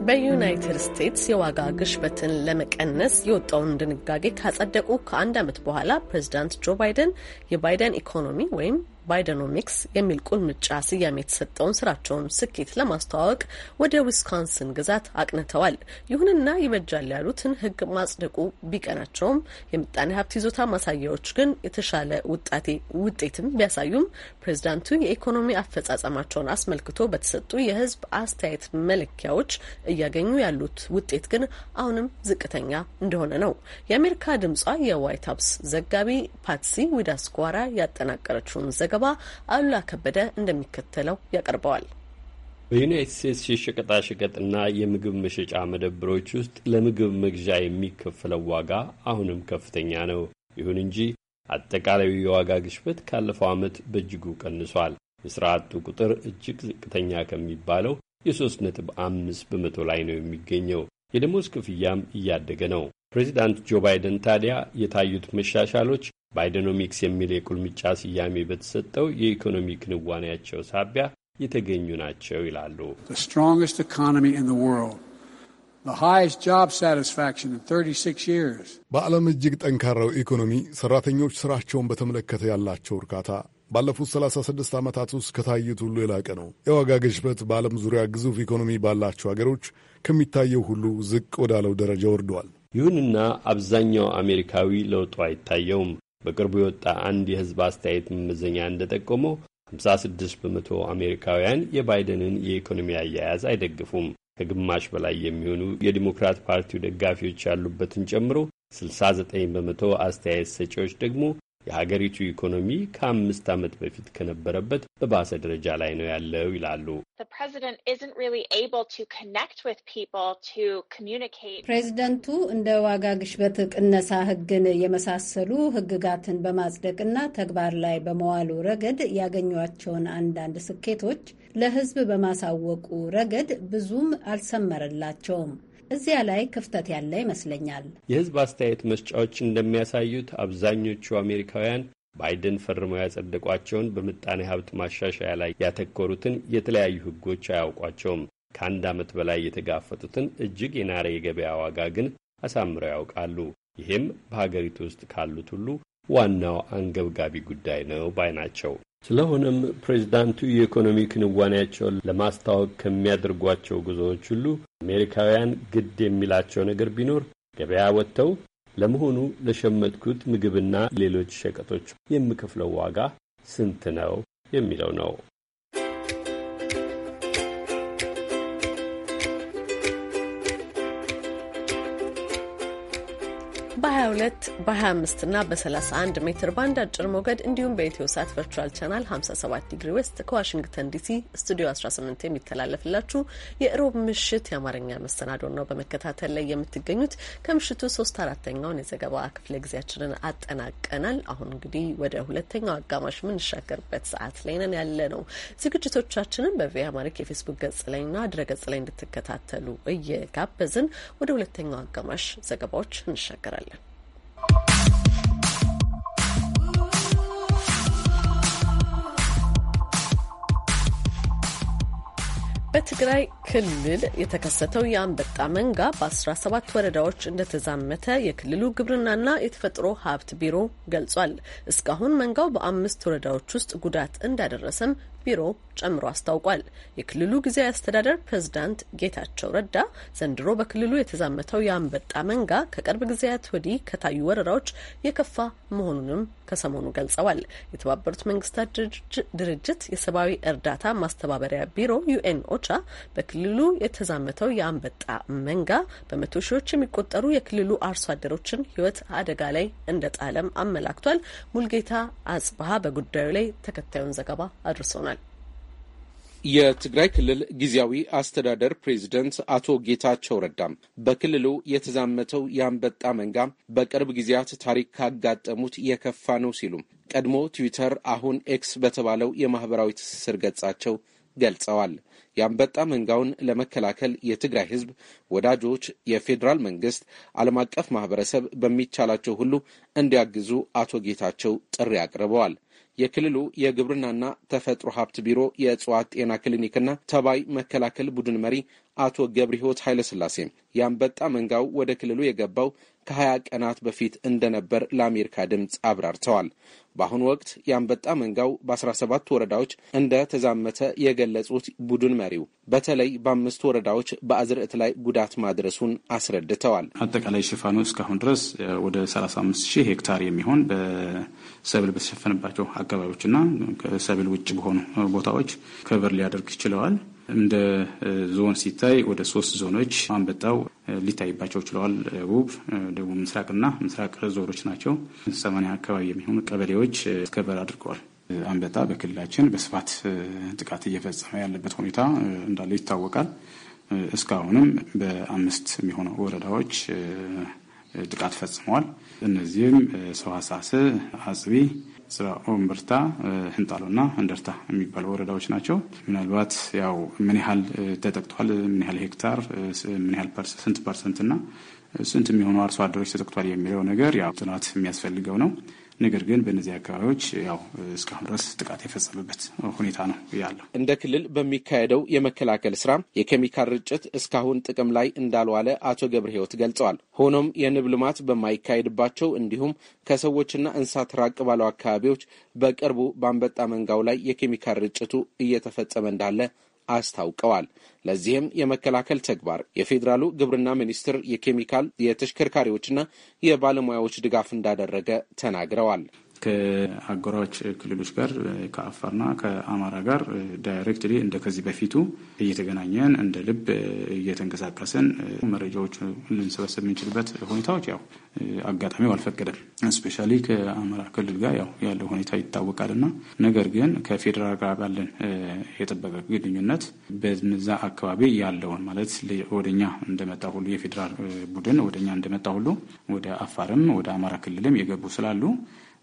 በዩናይትድ ስቴትስ የዋጋ ግሽበትን ለመቀነስ የወጣውን ድንጋጌ ካጸደቁ ከአንድ ዓመት በኋላ ፕሬዚዳንት ጆ ባይደን የባይደን ኢኮኖሚ ወይም ባይደኖሚክስ የሚል ቁልምጫ ስያሜ የተሰጠውን ስራቸውን ስኬት ለማስተዋወቅ ወደ ዊስኮንስን ግዛት አቅንተዋል። ይሁንና ይበጃል ያሉትን ህግ ማጽደቁ ቢቀናቸውም የምጣኔ ሀብት ይዞታ ማሳያዎች ግን የተሻለ ውጤትም ቢያሳዩም ፕሬዚዳንቱ የኢኮኖሚ አፈጻጸማቸውን አስመልክቶ በተሰጡ የህዝብ አስተያየት መለኪያዎች እያገኙ ያሉት ውጤት ግን አሁንም ዝቅተኛ እንደሆነ ነው። የአሜሪካ ድምጿ የዋይት ሀውስ ዘጋቢ ፓትሲ ዊዳስኳራ ያጠናቀረችውን ዘገባ ዘገባ አሉላ ከበደ እንደሚከተለው ያቀርበዋል። በዩናይትድ ስቴትስ የሸቀጣሸቀጥና የምግብ መሸጫ መደብሮች ውስጥ ለምግብ መግዣ የሚከፈለው ዋጋ አሁንም ከፍተኛ ነው። ይሁን እንጂ አጠቃላዩ የዋጋ ግሽበት ካለፈው ዓመት በእጅጉ ቀንሷል። የሥራ አጡ ቁጥር እጅግ ዝቅተኛ ከሚባለው የ3 ነጥብ በመቶ ላይ ነው የሚገኘው። የደሞዝ ክፍያም እያደገ ነው። ፕሬዚዳንት ጆ ባይደን ታዲያ የታዩት መሻሻሎች ባይደኖሚክስ የሚል የቁልምጫ ስያሜ በተሰጠው የኢኮኖሚ ክንዋኔያቸው ሳቢያ የተገኙ ናቸው ይላሉ። በዓለም እጅግ ጠንካራው ኢኮኖሚ ሰራተኞች ስራቸውን በተመለከተ ያላቸው እርካታ ባለፉት 36 ዓመታት ውስጥ ከታዩት ሁሉ የላቀ ነው። የዋጋ ግሽበት በዓለም ዙሪያ ግዙፍ ኢኮኖሚ ባላቸው ሀገሮች ከሚታየው ሁሉ ዝቅ ወዳለው ደረጃ ወርደዋል። ይሁንና አብዛኛው አሜሪካዊ ለውጡ አይታየውም። በቅርቡ የወጣ አንድ የሕዝብ አስተያየት መመዘኛ እንደጠቆመው 56 በመቶ አሜሪካውያን የባይደንን የኢኮኖሚ አያያዝ አይደግፉም። ከግማሽ በላይ የሚሆኑ የዲሞክራት ፓርቲው ደጋፊዎች ያሉበትን ጨምሮ 69 በመቶ አስተያየት ሰጪዎች ደግሞ የሀገሪቱ ኢኮኖሚ ከአምስት ዓመት በፊት ከነበረበት በባሰ ደረጃ ላይ ነው ያለው ይላሉ። ፕሬዚደንቱ እንደ ዋጋ ግሽበት ቅነሳ ሕግን የመሳሰሉ ሕግጋትን በማጽደቅና ተግባር ላይ በመዋሉ ረገድ ያገኟቸውን አንዳንድ ስኬቶች ለሕዝብ በማሳወቁ ረገድ ብዙም አልሰመረላቸውም። እዚያ ላይ ክፍተት ያለ ይመስለኛል። የህዝብ አስተያየት መስጫዎች እንደሚያሳዩት አብዛኞቹ አሜሪካውያን ባይደን ፈርመው ያጸደቋቸውን በምጣኔ ሀብት ማሻሻያ ላይ ያተኮሩትን የተለያዩ ህጎች አያውቋቸውም። ከአንድ ዓመት በላይ የተጋፈጡትን እጅግ የናረ የገበያ ዋጋ ግን አሳምረው ያውቃሉ። ይህም በሀገሪቱ ውስጥ ካሉት ሁሉ ዋናው አንገብጋቢ ጉዳይ ነው ባይ ናቸው። ስለሆነም ፕሬዚዳንቱ የኢኮኖሚ ክንዋኔያቸውን ለማስታወቅ ከሚያደርጓቸው ጉዞዎች ሁሉ አሜሪካውያን ግድ የሚላቸው ነገር ቢኖር ገበያ ወጥተው ለመሆኑ ለሸመትኩት ምግብና ሌሎች ሸቀጦች የምከፍለው ዋጋ ስንት ነው የሚለው ነው። በ22 በ25 እና በ31 ሜትር ባንድ አጭር ሞገድ እንዲሁም በኢትዮ ሳት ቨርቹዋል ቻናል 57 ዲግሪ ዌስት ከዋሽንግተን ዲሲ ስቱዲዮ 18 የሚተላለፍላችሁ የእሮብ ምሽት የአማርኛ መሰናዶን ነው በመከታተል ላይ የምትገኙት። ከምሽቱ ሶስት አራተኛውን የዘገባ ክፍለ ጊዜያችንን አጠናቀናል። አሁን እንግዲህ ወደ ሁለተኛው አጋማሽ የምንሻገርበት ሰዓት ላይ ነን ያለ ነው። ዝግጅቶቻችንን በቪ አማሪክ የፌስቡክ ገጽ ላይና ድረ ገጽ ላይ እንድትከታተሉ እየጋበዝን ወደ ሁለተኛው አጋማሽ ዘገባዎች እንሻገራለን። በትግራይ ክልል የተከሰተው የአንበጣ መንጋ በ17 ወረዳዎች እንደተዛመተ የክልሉ ግብርናና የተፈጥሮ ሀብት ቢሮ ገልጿል። እስካሁን መንጋው በአምስት ወረዳዎች ውስጥ ጉዳት እንዳደረሰም ቢሮ ጨምሮ አስታውቋል። የክልሉ ጊዜያዊ አስተዳደር ፕሬዝዳንት ጌታቸው ረዳ ዘንድሮ በክልሉ የተዛመተው የአንበጣ መንጋ ከቅርብ ጊዜያት ወዲህ ከታዩ ወረራዎች የከፋ መሆኑንም ከሰሞኑ ገልጸዋል። የተባበሩት መንግስታት ድርጅት የሰብአዊ እርዳታ ማስተባበሪያ ቢሮ ዩኤን ኦቻ በክልሉ የተዛመተው የአንበጣ መንጋ በመቶ ሺዎች የሚቆጠሩ የክልሉ አርሶ አደሮችን ሕይወት አደጋ ላይ እንደጣለም አመላክቷል። ሙልጌታ አጽባሀ በጉዳዩ ላይ ተከታዩን ዘገባ አድርሶናል። የትግራይ ክልል ጊዜያዊ አስተዳደር ፕሬዚደንት አቶ ጌታቸው ረዳም በክልሉ የተዛመተው የአንበጣ መንጋ በቅርብ ጊዜያት ታሪክ ካጋጠሙት የከፋ ነው ሲሉም ቀድሞ ትዊተር አሁን ኤክስ በተባለው የማህበራዊ ትስስር ገጻቸው ገልጸዋል። የአንበጣ መንጋውን ለመከላከል የትግራይ ህዝብ ወዳጆች፣ የፌዴራል መንግስት፣ ዓለም አቀፍ ማህበረሰብ በሚቻላቸው ሁሉ እንዲያግዙ አቶ ጌታቸው ጥሪ አቅርበዋል። የክልሉ የግብርናና ተፈጥሮ ሀብት ቢሮ የእጽዋት ጤና ክሊኒክና ተባይ መከላከል ቡድን መሪ አቶ ገብረ ሕይወት ኃይለሥላሴ የአንበጣ መንጋው ወደ ክልሉ የገባው ከሀያ ቀናት በፊት እንደነበር ለአሜሪካ ድምፅ አብራርተዋል። በአሁኑ ወቅት የአንበጣ መንጋው በ17 ወረዳዎች እንደተዛመተ የገለጹት ቡድን መሪው በተለይ በአምስት ወረዳዎች በአዝርዕት ላይ ጉዳት ማድረሱን አስረድተዋል። አጠቃላይ ሽፋኑ እስካሁን ድረስ ወደ 35 ሺህ ሄክታር የሚሆን በሰብል በተሸፈነባቸው አካባቢዎችና ከሰብል ውጭ በሆኑ ቦታዎች ከበር ሊያደርግ ይችለዋል። እንደ ዞን ሲታይ ወደ ሶስት ዞኖች አንበጣው ሊታይባቸው ችለዋል። ደቡብ፣ ደቡብ ምስራቅና ምስራቅ ዞኖች ናቸው። ሰማንያ አካባቢ የሚሆኑ ቀበሌዎች እስከበር አድርገዋል። አንበጣ በክልላችን በስፋት ጥቃት እየፈጸመ ያለበት ሁኔታ እንዳለ ይታወቃል። እስካሁንም በአምስት የሚሆኑ ወረዳዎች ጥቃት ፈጽመዋል። እነዚህም ሰዋሳስ፣ አጽቢ፣ ስራ ኦምብርታ፣ ህንጣሎና እንደርታ የሚባሉ ወረዳዎች ናቸው። ምናልባት ያው ምን ያህል ተጠቅቷል፣ ምን ያህል ሄክታር፣ ምን ያህል ስንት ፐርሰንትና ስንት የሚሆኑ አርሶ አደሮች ተጠቅቷል የሚለው ነገር ያው ጥናት የሚያስፈልገው ነው። ነገር ግን በእነዚህ አካባቢዎች ያው እስካሁን ድረስ ጥቃት የፈጸመበት ሁኔታ ነው ያለው። እንደ ክልል በሚካሄደው የመከላከል ስራ የኬሚካል ርጭት እስካሁን ጥቅም ላይ እንዳልዋለ አቶ ገብረ ህይወት ገልጸዋል። ሆኖም የንብ ልማት በማይካሄድባቸው እንዲሁም ከሰዎችና እንስሳት ራቅ ባለው አካባቢዎች በቅርቡ በአንበጣ መንጋው ላይ የኬሚካል ርጭቱ እየተፈጸመ እንዳለ አስታውቀዋል። ለዚህም የመከላከል ተግባር የፌዴራሉ ግብርና ሚኒስቴር የኬሚካል የተሽከርካሪዎችና የባለሙያዎች ድጋፍ እንዳደረገ ተናግረዋል። ከአጎራዎች ክልሎች ጋር ከአፋርና ከአማራ ጋር ዳይሬክትሊ እንደ ከዚህ በፊቱ እየተገናኘን እንደ ልብ እየተንቀሳቀስን መረጃዎች ልንሰበሰብ የምንችልበት ሁኔታዎች ያው አጋጣሚው አልፈቀደም። እስፔሻሊ ከአማራ ክልል ጋር ያው ያለው ሁኔታ ይታወቃልና፣ ነገር ግን ከፌዴራል ጋር ባለን የጠበቀ ግንኙነት በነዛ አካባቢ ያለውን ማለት ወደኛ እንደመጣ ሁሉ የፌዴራል ቡድን ወደኛ እንደመጣ ሁሉ ወደ አፋርም ወደ አማራ ክልልም የገቡ ስላሉ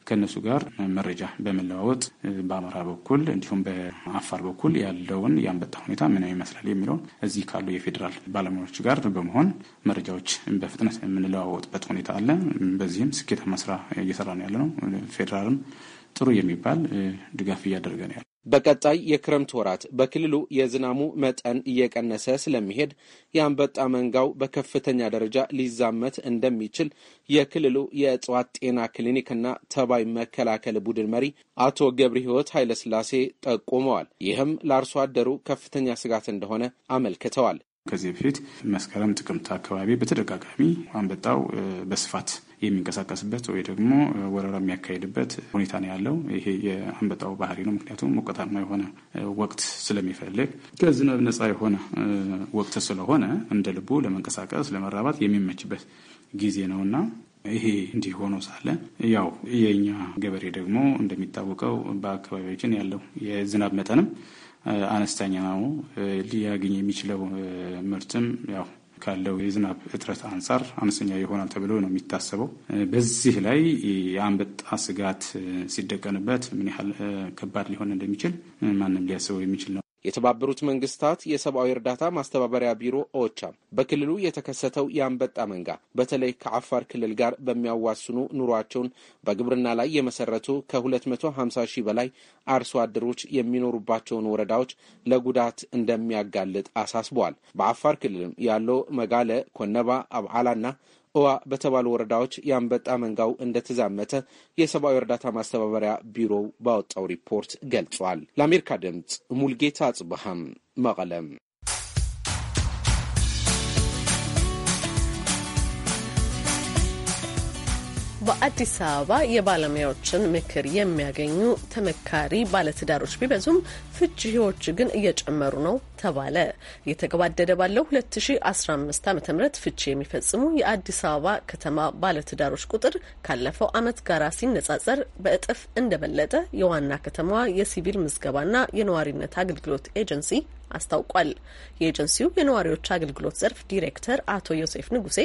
ከእነሱ ጋር መረጃ በመለዋወጥ በአማራ በኩል እንዲሁም በአፋር በኩል ያለውን የአንበጣ ሁኔታ ምን ይመስላል የሚለውን እዚህ ካሉ የፌዴራል ባለሙያዎች ጋር በመሆን መረጃዎች በፍጥነት የምንለዋወጥበት ሁኔታ አለ። በዚህም ስኬታማ ስራ እየሰራ ነው ያለ ነው። ፌዴራልም ጥሩ የሚባል ድጋፍ እያደረገ ነው ያለ በቀጣይ የክረምት ወራት በክልሉ የዝናሙ መጠን እየቀነሰ ስለሚሄድ የአንበጣ መንጋው በከፍተኛ ደረጃ ሊዛመት እንደሚችል የክልሉ የእጽዋት ጤና ክሊኒክና ተባይ መከላከል ቡድን መሪ አቶ ገብረ ሕይወት ኃይለስላሴ ጠቁመዋል። ይህም ለአርሶ አደሩ ከፍተኛ ስጋት እንደሆነ አመልክተዋል። ከዚህ በፊት መስከረም፣ ጥቅምት አካባቢ በተደጋጋሚ አንበጣው በስፋት የሚንቀሳቀስበት ወይ ደግሞ ወረራ የሚያካሄድበት ሁኔታ ነው ያለው። ይሄ የአንበጣው ባህሪ ነው። ምክንያቱም ሞቀታማ የሆነ ወቅት ስለሚፈልግ ከዝናብ ነፃ የሆነ ወቅት ስለሆነ እንደ ልቡ ለመንቀሳቀስ ለመራባት የሚመችበት ጊዜ ነውና ይሄ እንዲህ ሆኖ ሳለ ያው የእኛ ገበሬ ደግሞ እንደሚታወቀው በአካባቢዎችን ያለው የዝናብ መጠንም አነስተኛ ነው። ሊያገኝ የሚችለው ምርትም ያው ካለው የዝናብ እጥረት አንጻር አነስተኛ ይሆናል ተብሎ ነው የሚታሰበው። በዚህ ላይ የአንበጣ ስጋት ሲደቀንበት ምን ያህል ከባድ ሊሆን እንደሚችል ማንም ሊያስበው የሚችል ነው። የተባበሩት መንግስታት የሰብአዊ እርዳታ ማስተባበሪያ ቢሮ ኦቻም በክልሉ የተከሰተው የአንበጣ መንጋ በተለይ ከአፋር ክልል ጋር በሚያዋስኑ ኑሯቸውን በግብርና ላይ የመሰረቱ ከ250 ሺህ በላይ አርሶ አደሮች የሚኖሩባቸውን ወረዳዎች ለጉዳት እንደሚያጋልጥ አሳስበዋል። በአፋር ክልልም ያለው መጋለ፣ ኮነባ፣ አብዓላና እዋ በተባሉ ወረዳዎች የአንበጣ መንጋው እንደተዛመተ የሰብአዊ እርዳታ ማስተባበሪያ ቢሮው ባወጣው ሪፖርት ገልጿል። ለአሜሪካ ድምፅ ሙልጌታ አጽብሃም መቀለም በአዲስ አበባ የባለሙያዎችን ምክር የሚያገኙ ተመካሪ ባለትዳሮች ቢበዙም ፍቺዎች ግን እየጨመሩ ነው ተባለ። እየተገባደደ ባለው 2015 ዓ ም ፍቺ የሚፈጽሙ የአዲስ አበባ ከተማ ባለትዳሮች ቁጥር ካለፈው ዓመት ጋር ሲነጻጸር በእጥፍ እንደበለጠ የዋና ከተማዋ የሲቪል ምዝገባና የነዋሪነት አገልግሎት ኤጀንሲ አስታውቋል። የኤጀንሲው የነዋሪዎች አገልግሎት ዘርፍ ዲሬክተር አቶ ዮሴፍ ንጉሴ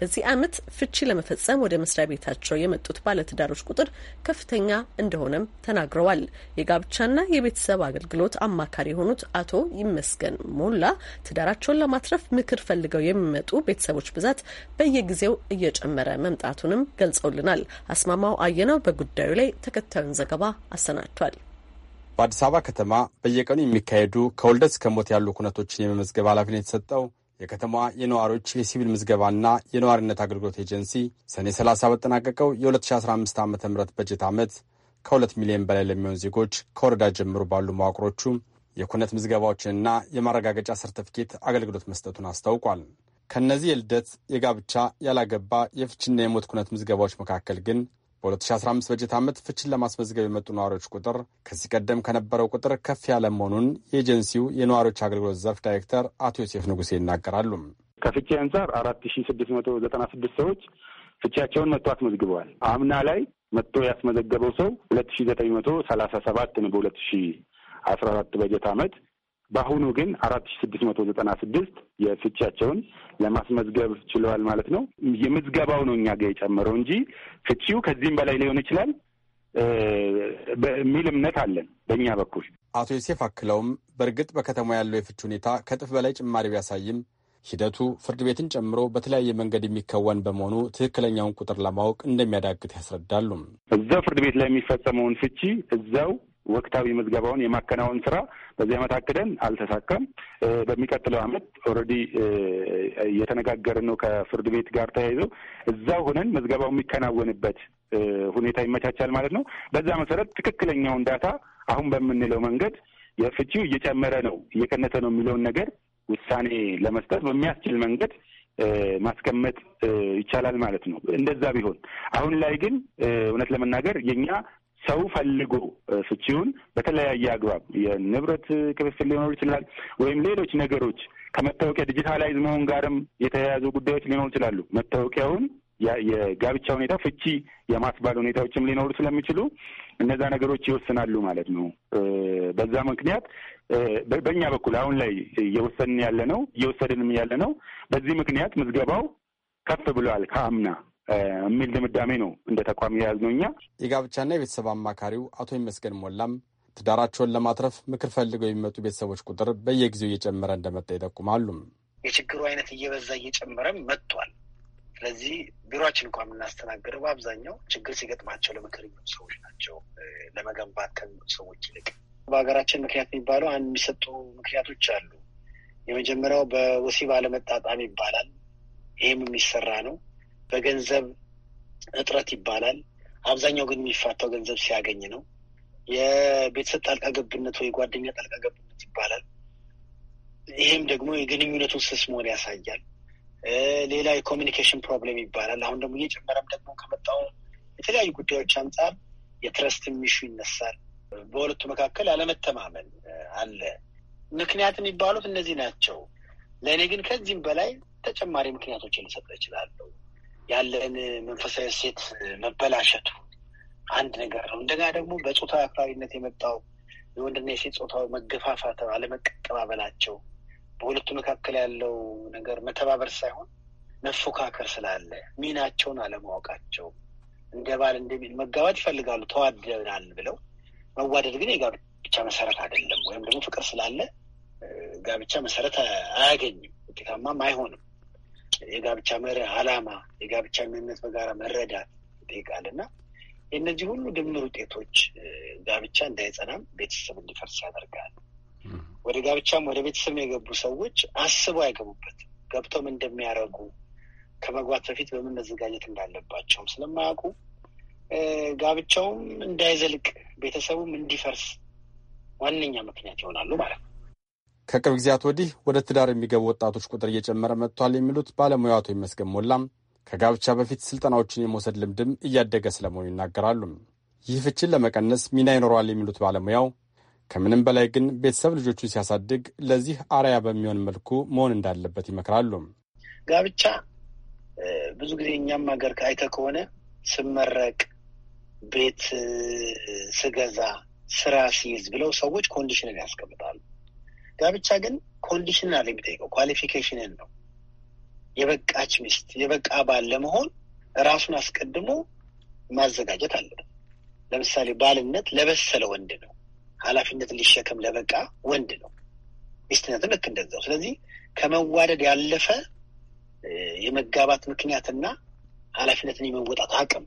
በዚህ ዓመት ፍቺ ለመፈጸም ወደ መስሪያ ቤታቸው የመጡት ባለትዳሮች ቁጥር ከፍተኛ እንደሆነም ተናግረዋል። የጋብቻና የቤተሰብ አገልግሎት አማካሪ የሆኑት አቶ ይመስገን ሞላ ትዳራቸውን ለማትረፍ ምክር ፈልገው የሚመጡ ቤተሰቦች ብዛት በየጊዜው እየጨመረ መምጣቱንም ገልጸውልናል። አስማማው አየነው በጉዳዩ ላይ ተከታዩን ዘገባ አሰናድቷል። በአዲስ አበባ ከተማ በየቀኑ የሚካሄዱ ከወልደት እስከ ሞት ያሉ ኩነቶችን የመመዝገብ ኃላፊነት የተሰጠው የከተማዋ የነዋሪዎች የሲቪል ምዝገባና የነዋሪነት አገልግሎት ኤጀንሲ ሰኔ 30 በጠናቀቀው የ2015 ዓ ም በጀት ዓመት ከ2 ሚሊዮን በላይ ለሚሆን ዜጎች ከወረዳ ጀምሮ ባሉ መዋቅሮቹ የኩነት ምዝገባዎችንና የማረጋገጫ ሰርተፍኬት አገልግሎት መስጠቱን አስታውቋል። ከእነዚህ የልደት፣ የጋብቻ፣ ያላገባ፣ የፍችና የሞት ኩነት ምዝገባዎች መካከል ግን በ2015 በጀት ዓመት ፍችን ለማስመዝገብ የመጡ ነዋሪዎች ቁጥር ከዚህ ቀደም ከነበረው ቁጥር ከፍ ያለ መሆኑን የኤጀንሲው የነዋሪዎች አገልግሎት ዘርፍ ዳይሬክተር አቶ ዮሴፍ ንጉሴ ይናገራሉ። ከፍቼ አንጻር አራት ሺ ስድስት መቶ ዘጠና ስድስት ሰዎች ፍቻቸውን መጥቶ አስመዝግበዋል። አምና ላይ መጥቶ ያስመዘገበው ሰው ሁለት ሺ ዘጠኝ መቶ ሰላሳ ሰባት ነው በሁለት ሺ አስራ አራት በጀት ዓመት በአሁኑ ግን አራት ሺ ስድስት መቶ ዘጠና ስድስት የፍቻቸውን ለማስመዝገብ ችለዋል ማለት ነው። የምዝገባው ነው እኛ ጋር የጨመረው እንጂ ፍቺው ከዚህም በላይ ሊሆን ይችላል በሚል እምነት አለን በእኛ በኩል። አቶ ዮሴፍ አክለውም በእርግጥ በከተማ ያለው የፍች ሁኔታ ከእጥፍ በላይ ጭማሪ ቢያሳይም ሂደቱ ፍርድ ቤትን ጨምሮ በተለያየ መንገድ የሚከወን በመሆኑ ትክክለኛውን ቁጥር ለማወቅ እንደሚያዳግት ያስረዳሉ። እዛው ፍርድ ቤት ላይ የሚፈጸመውን ፍቺ እዛው ወቅታዊ ምዝገባውን የማከናወን ስራ በዚህ ዓመት አቅደን አልተሳካም። በሚቀጥለው ዓመት ኦልሬዲ እየተነጋገርን ነው ከፍርድ ቤት ጋር ተያይዞ እዛው ሆነን ምዝገባው የሚከናወንበት ሁኔታ ይመቻቻል ማለት ነው። በዛ መሰረት ትክክለኛውን ዳታ አሁን በምንለው መንገድ የፍቺው እየጨመረ ነው እየቀነሰ ነው የሚለውን ነገር ውሳኔ ለመስጠት በሚያስችል መንገድ ማስቀመጥ ይቻላል ማለት ነው። እንደዛ ቢሆን አሁን ላይ ግን እውነት ለመናገር የኛ ሰው ፈልጎ ፍቺውን በተለያየ አግባብ የንብረት ክፍፍል ሊኖር ይችላል፣ ወይም ሌሎች ነገሮች ከመታወቂያ ዲጂታላይዝ መሆን ጋርም የተያያዙ ጉዳዮች ሊኖሩ ይችላሉ። መታወቂያውን የጋብቻ ሁኔታ ፍቺ የማስባል ሁኔታዎችም ሊኖሩ ስለሚችሉ እነዛ ነገሮች ይወስናሉ ማለት ነው። በዛ ምክንያት በእኛ በኩል አሁን ላይ እየወሰንን ያለ ነው እየወሰድንም ያለ ነው። በዚህ ምክንያት ምዝገባው ከፍ ብሏል ከአምና የሚል ድምዳሜ ነው እንደ ተቋም የያዝነው እኛ። የጋብቻና የቤተሰብ አማካሪው አቶ ይመስገን ሞላም ትዳራቸውን ለማትረፍ ምክር ፈልገው የሚመጡ ቤተሰቦች ቁጥር በየጊዜው እየጨመረ እንደመጣ ይጠቁማሉ። የችግሩ አይነት እየበዛ እየጨመረም መጥቷል። ስለዚህ ቢሮችን እንኳ የምናስተናግደው በአብዛኛው ችግር ሲገጥማቸው ለምክር የሚመጡ ሰዎች ናቸው፣ ለመገንባት ከሚመጡ ሰዎች ይልቅ። በሀገራችን ምክንያት የሚባለው አንድ የሚሰጡ ምክንያቶች አሉ። የመጀመሪያው በወሲብ አለመጣጣም ይባላል። ይህም የሚሰራ ነው። በገንዘብ እጥረት ይባላል። አብዛኛው ግን የሚፋታው ገንዘብ ሲያገኝ ነው። የቤተሰብ ጣልቃ ገብነት ወይ ጓደኛ ጣልቃ ገብነት ይባላል። ይህም ደግሞ የግንኙነቱን ስስ መሆን ያሳያል። ሌላ የኮሚኒኬሽን ፕሮብሌም ይባላል። አሁን ደግሞ እየጨመረም ደግሞ ከመጣው የተለያዩ ጉዳዮች አንጻር የትረስት ሚሹ ይነሳል። በሁለቱ መካከል አለመተማመን አለ። ምክንያት የሚባሉት እነዚህ ናቸው። ለእኔ ግን ከዚህም በላይ ተጨማሪ ምክንያቶችን ልሰጥ እችላለሁ። ያለን መንፈሳዊ ሴት መበላሸቱ አንድ ነገር ነው። እንደገና ደግሞ በጾታ አክራሪነት የመጣው የወንድና የሴት ጾታዊ መገፋፋት፣ አለመቀባበላቸው በሁለቱ መካከል ያለው ነገር መተባበር ሳይሆን መፎካከር ስላለ ሚናቸውን አለማወቃቸው እንደ ባል እንደሚል መጋባት ይፈልጋሉ ተዋደናል ብለው መዋደድ ግን የጋብቻ መሰረት አይደለም። ወይም ደግሞ ፍቅር ስላለ ጋብቻ መሰረት አያገኝም፣ ውጤታማም አይሆንም። የጋብቻ መርህ አላማ የጋብቻ ምንነት በጋራ መረዳት ይጠይቃል እና የእነዚህ ሁሉ ድምር ውጤቶች ጋብቻ እንዳይጸናም ቤተሰብ እንዲፈርስ ያደርጋል። ወደ ጋብቻም ወደ ቤተሰብ የገቡ ሰዎች አስበው አይገቡበትም። ገብተውም እንደሚያደርጉ ከመግባት በፊት በምን መዘጋጀት እንዳለባቸውም ስለማያውቁ ጋብቻውም እንዳይዘልቅ ቤተሰቡም እንዲፈርስ ዋነኛ ምክንያት ይሆናሉ ማለት ነው። ከቅርብ ጊዜያት ወዲህ ወደ ትዳር የሚገቡ ወጣቶች ቁጥር እየጨመረ መጥቷል የሚሉት ባለሙያው አቶ ይመስገን ሞላም ከጋብቻ በፊት ስልጠናዎችን የመውሰድ ልምድም እያደገ ስለመሆኑ ይናገራሉ። ይህ ፍችን ለመቀነስ ሚና ይኖረዋል የሚሉት ባለሙያው ከምንም በላይ ግን ቤተሰብ ልጆቹን ሲያሳድግ ለዚህ አርአያ በሚሆን መልኩ መሆን እንዳለበት ይመክራሉ። ጋብቻ ብዙ ጊዜ እኛም ሀገር አይተህ ከሆነ ስመረቅ፣ ቤት ስገዛ፣ ስራ ሲይዝ ብለው ሰዎች ኮንዲሽንን ያስቀምጣሉ። ጋብቻ ግን ኮንዲሽን አለ የሚጠይቀው ኳሊፊኬሽንን ነው። የበቃች ሚስት የበቃ ባል ለመሆን ራሱን አስቀድሞ ማዘጋጀት አለበት። ለምሳሌ ባልነት ለበሰለ ወንድ ነው። ኃላፊነት ሊሸከም ለበቃ ወንድ ነው። ሚስትነትም ልክ እንደዛው። ስለዚህ ከመዋደድ ያለፈ የመጋባት ምክንያትና ኃላፊነትን የመወጣት አቅም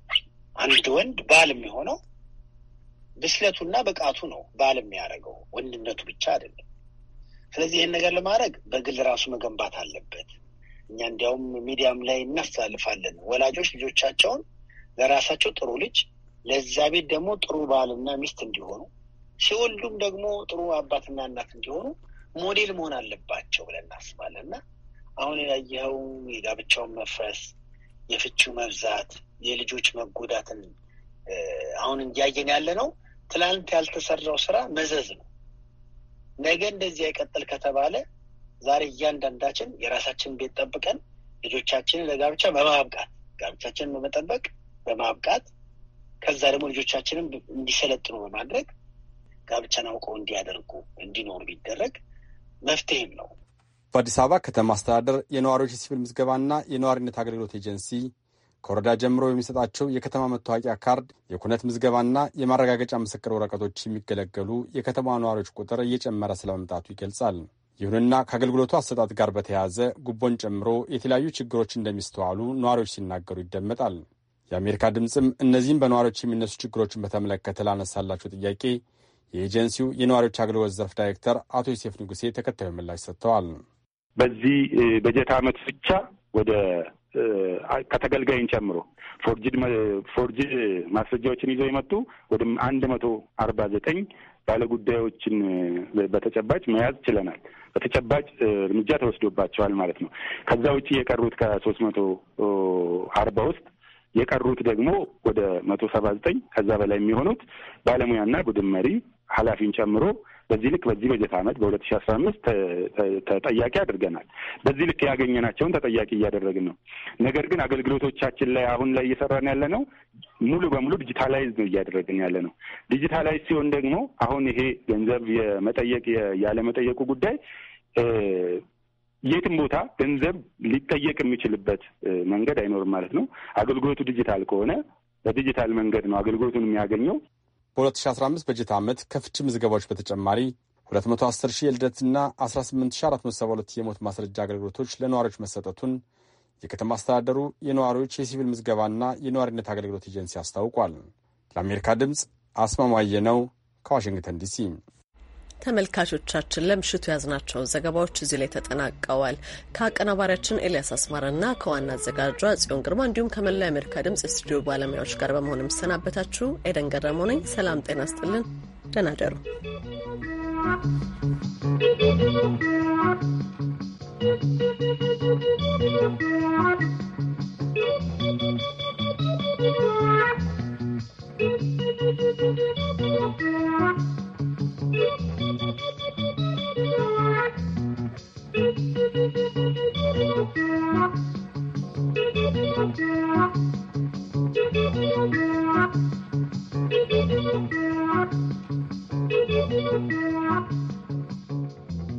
አንድ ወንድ ባል የሚሆነው ብስለቱና ብቃቱ ነው። ባል የሚያደርገው ወንድነቱ ብቻ አይደለም። ስለዚህ ይህን ነገር ለማድረግ በግል ራሱ መገንባት አለበት። እኛ እንዲያውም ሚዲያም ላይ እናስተላልፋለን። ወላጆች ልጆቻቸውን ለራሳቸው ጥሩ ልጅ፣ ለዛ ቤት ደግሞ ጥሩ ባልና ሚስት እንዲሆኑ፣ ሲወልዱም ደግሞ ጥሩ አባትና እናት እንዲሆኑ ሞዴል መሆን አለባቸው ብለን እናስባለን እና አሁን ያየኸው የጋብቻውን መፍረስ፣ የፍቹ መብዛት፣ የልጆች መጎዳትን አሁን እያየን ያለ ነው። ትላንት ያልተሰራው ስራ መዘዝ ነው። ነገ እንደዚህ አይቀጥል ከተባለ ዛሬ እያንዳንዳችን የራሳችን ቤት ጠብቀን ልጆቻችንን ለጋብቻ በማብቃት ጋብቻችንን በመጠበቅ በማብቃት ከዛ ደግሞ ልጆቻችንን እንዲሰለጥኑ በማድረግ ጋብቻን አውቀው እንዲያደርጉ እንዲኖሩ ቢደረግ መፍትሄም ነው። በአዲስ አበባ ከተማ አስተዳደር የነዋሪዎች የሲቪል ምዝገባና የነዋሪነት አገልግሎት ኤጀንሲ ከወረዳ ጀምሮ በሚሰጣቸው የከተማ መታወቂያ ካርድ፣ የኩነት ምዝገባና የማረጋገጫ ምስክር ወረቀቶች የሚገለገሉ የከተማ ነዋሪዎች ቁጥር እየጨመረ ስለመምጣቱ ይገልጻል። ይሁንና ከአገልግሎቱ አሰጣጥ ጋር በተያያዘ ጉቦን ጨምሮ የተለያዩ ችግሮች እንደሚስተዋሉ ነዋሪዎች ሲናገሩ ይደመጣል። የአሜሪካ ድምፅም እነዚህም በነዋሪዎች የሚነሱ ችግሮችን በተመለከተ ላነሳላቸው ጥያቄ የኤጀንሲው የነዋሪዎች አገልግሎት ዘርፍ ዳይሬክተር አቶ ዮሴፍ ንጉሴ ተከታዩ ምላሽ ሰጥተዋል። በዚህ በጀት ዓመት ብቻ ወደ ከተገልጋይን ጨምሮ ፎርጅድ ፎርጅድ ማስረጃዎችን ይዘው የመጡ ወደ አንድ መቶ አርባ ዘጠኝ ባለጉዳዮችን በተጨባጭ መያዝ ችለናል። በተጨባጭ እርምጃ ተወስዶባቸዋል ማለት ነው። ከዛ ውጭ የቀሩት ከሶስት መቶ አርባ ውስጥ የቀሩት ደግሞ ወደ መቶ ሰባ ዘጠኝ ከዛ በላይ የሚሆኑት ባለሙያና ቡድን መሪ ኃላፊን ጨምሮ በዚህ ልክ በዚህ በጀት ዓመት በሁለት ሺ አስራ አምስት ተጠያቂ አድርገናል። በዚህ ልክ ያገኘናቸውን ተጠያቂ እያደረግን ነው። ነገር ግን አገልግሎቶቻችን ላይ አሁን ላይ እየሰራን ያለ ነው ሙሉ በሙሉ ዲጂታላይዝ ነው እያደረግን ያለ ነው። ዲጂታላይዝ ሲሆን ደግሞ አሁን ይሄ ገንዘብ የመጠየቅ ያለመጠየቁ ጉዳይ የትም ቦታ ገንዘብ ሊጠየቅ የሚችልበት መንገድ አይኖርም ማለት ነው። አገልግሎቱ ዲጂታል ከሆነ በዲጂታል መንገድ ነው አገልግሎቱን የሚያገኘው። በ2015 በጀት ዓመት ከፍችም ምዝገባዎች በተጨማሪ 210 ሺህ የልደትና 18472 የሞት ማስረጃ አገልግሎቶች ለነዋሪዎች መሰጠቱን የከተማ አስተዳደሩ የነዋሪዎች የሲቪል ምዝገባና የነዋሪነት አገልግሎት ኤጀንሲ አስታውቋል። ለአሜሪካ ድምፅ አስማማየ ነው ከዋሽንግተን ዲሲ ተመልካቾቻችን ለምሽቱ ያዝናቸው ዘገባዎች እዚህ ላይ ተጠናቀዋል። ከአቀናባሪያችን ኤልያስ አስማረና ከዋና አዘጋጇ ጽዮን ግርማ እንዲሁም ከመላ የአሜሪካ ድምጽ የስቱዲዮ ባለሙያዎች ጋር በመሆን የምሰናበታችሁ ኤደን ገረመው ነኝ። ሰላም ጤና ስጥልን። ደህና ደሩ።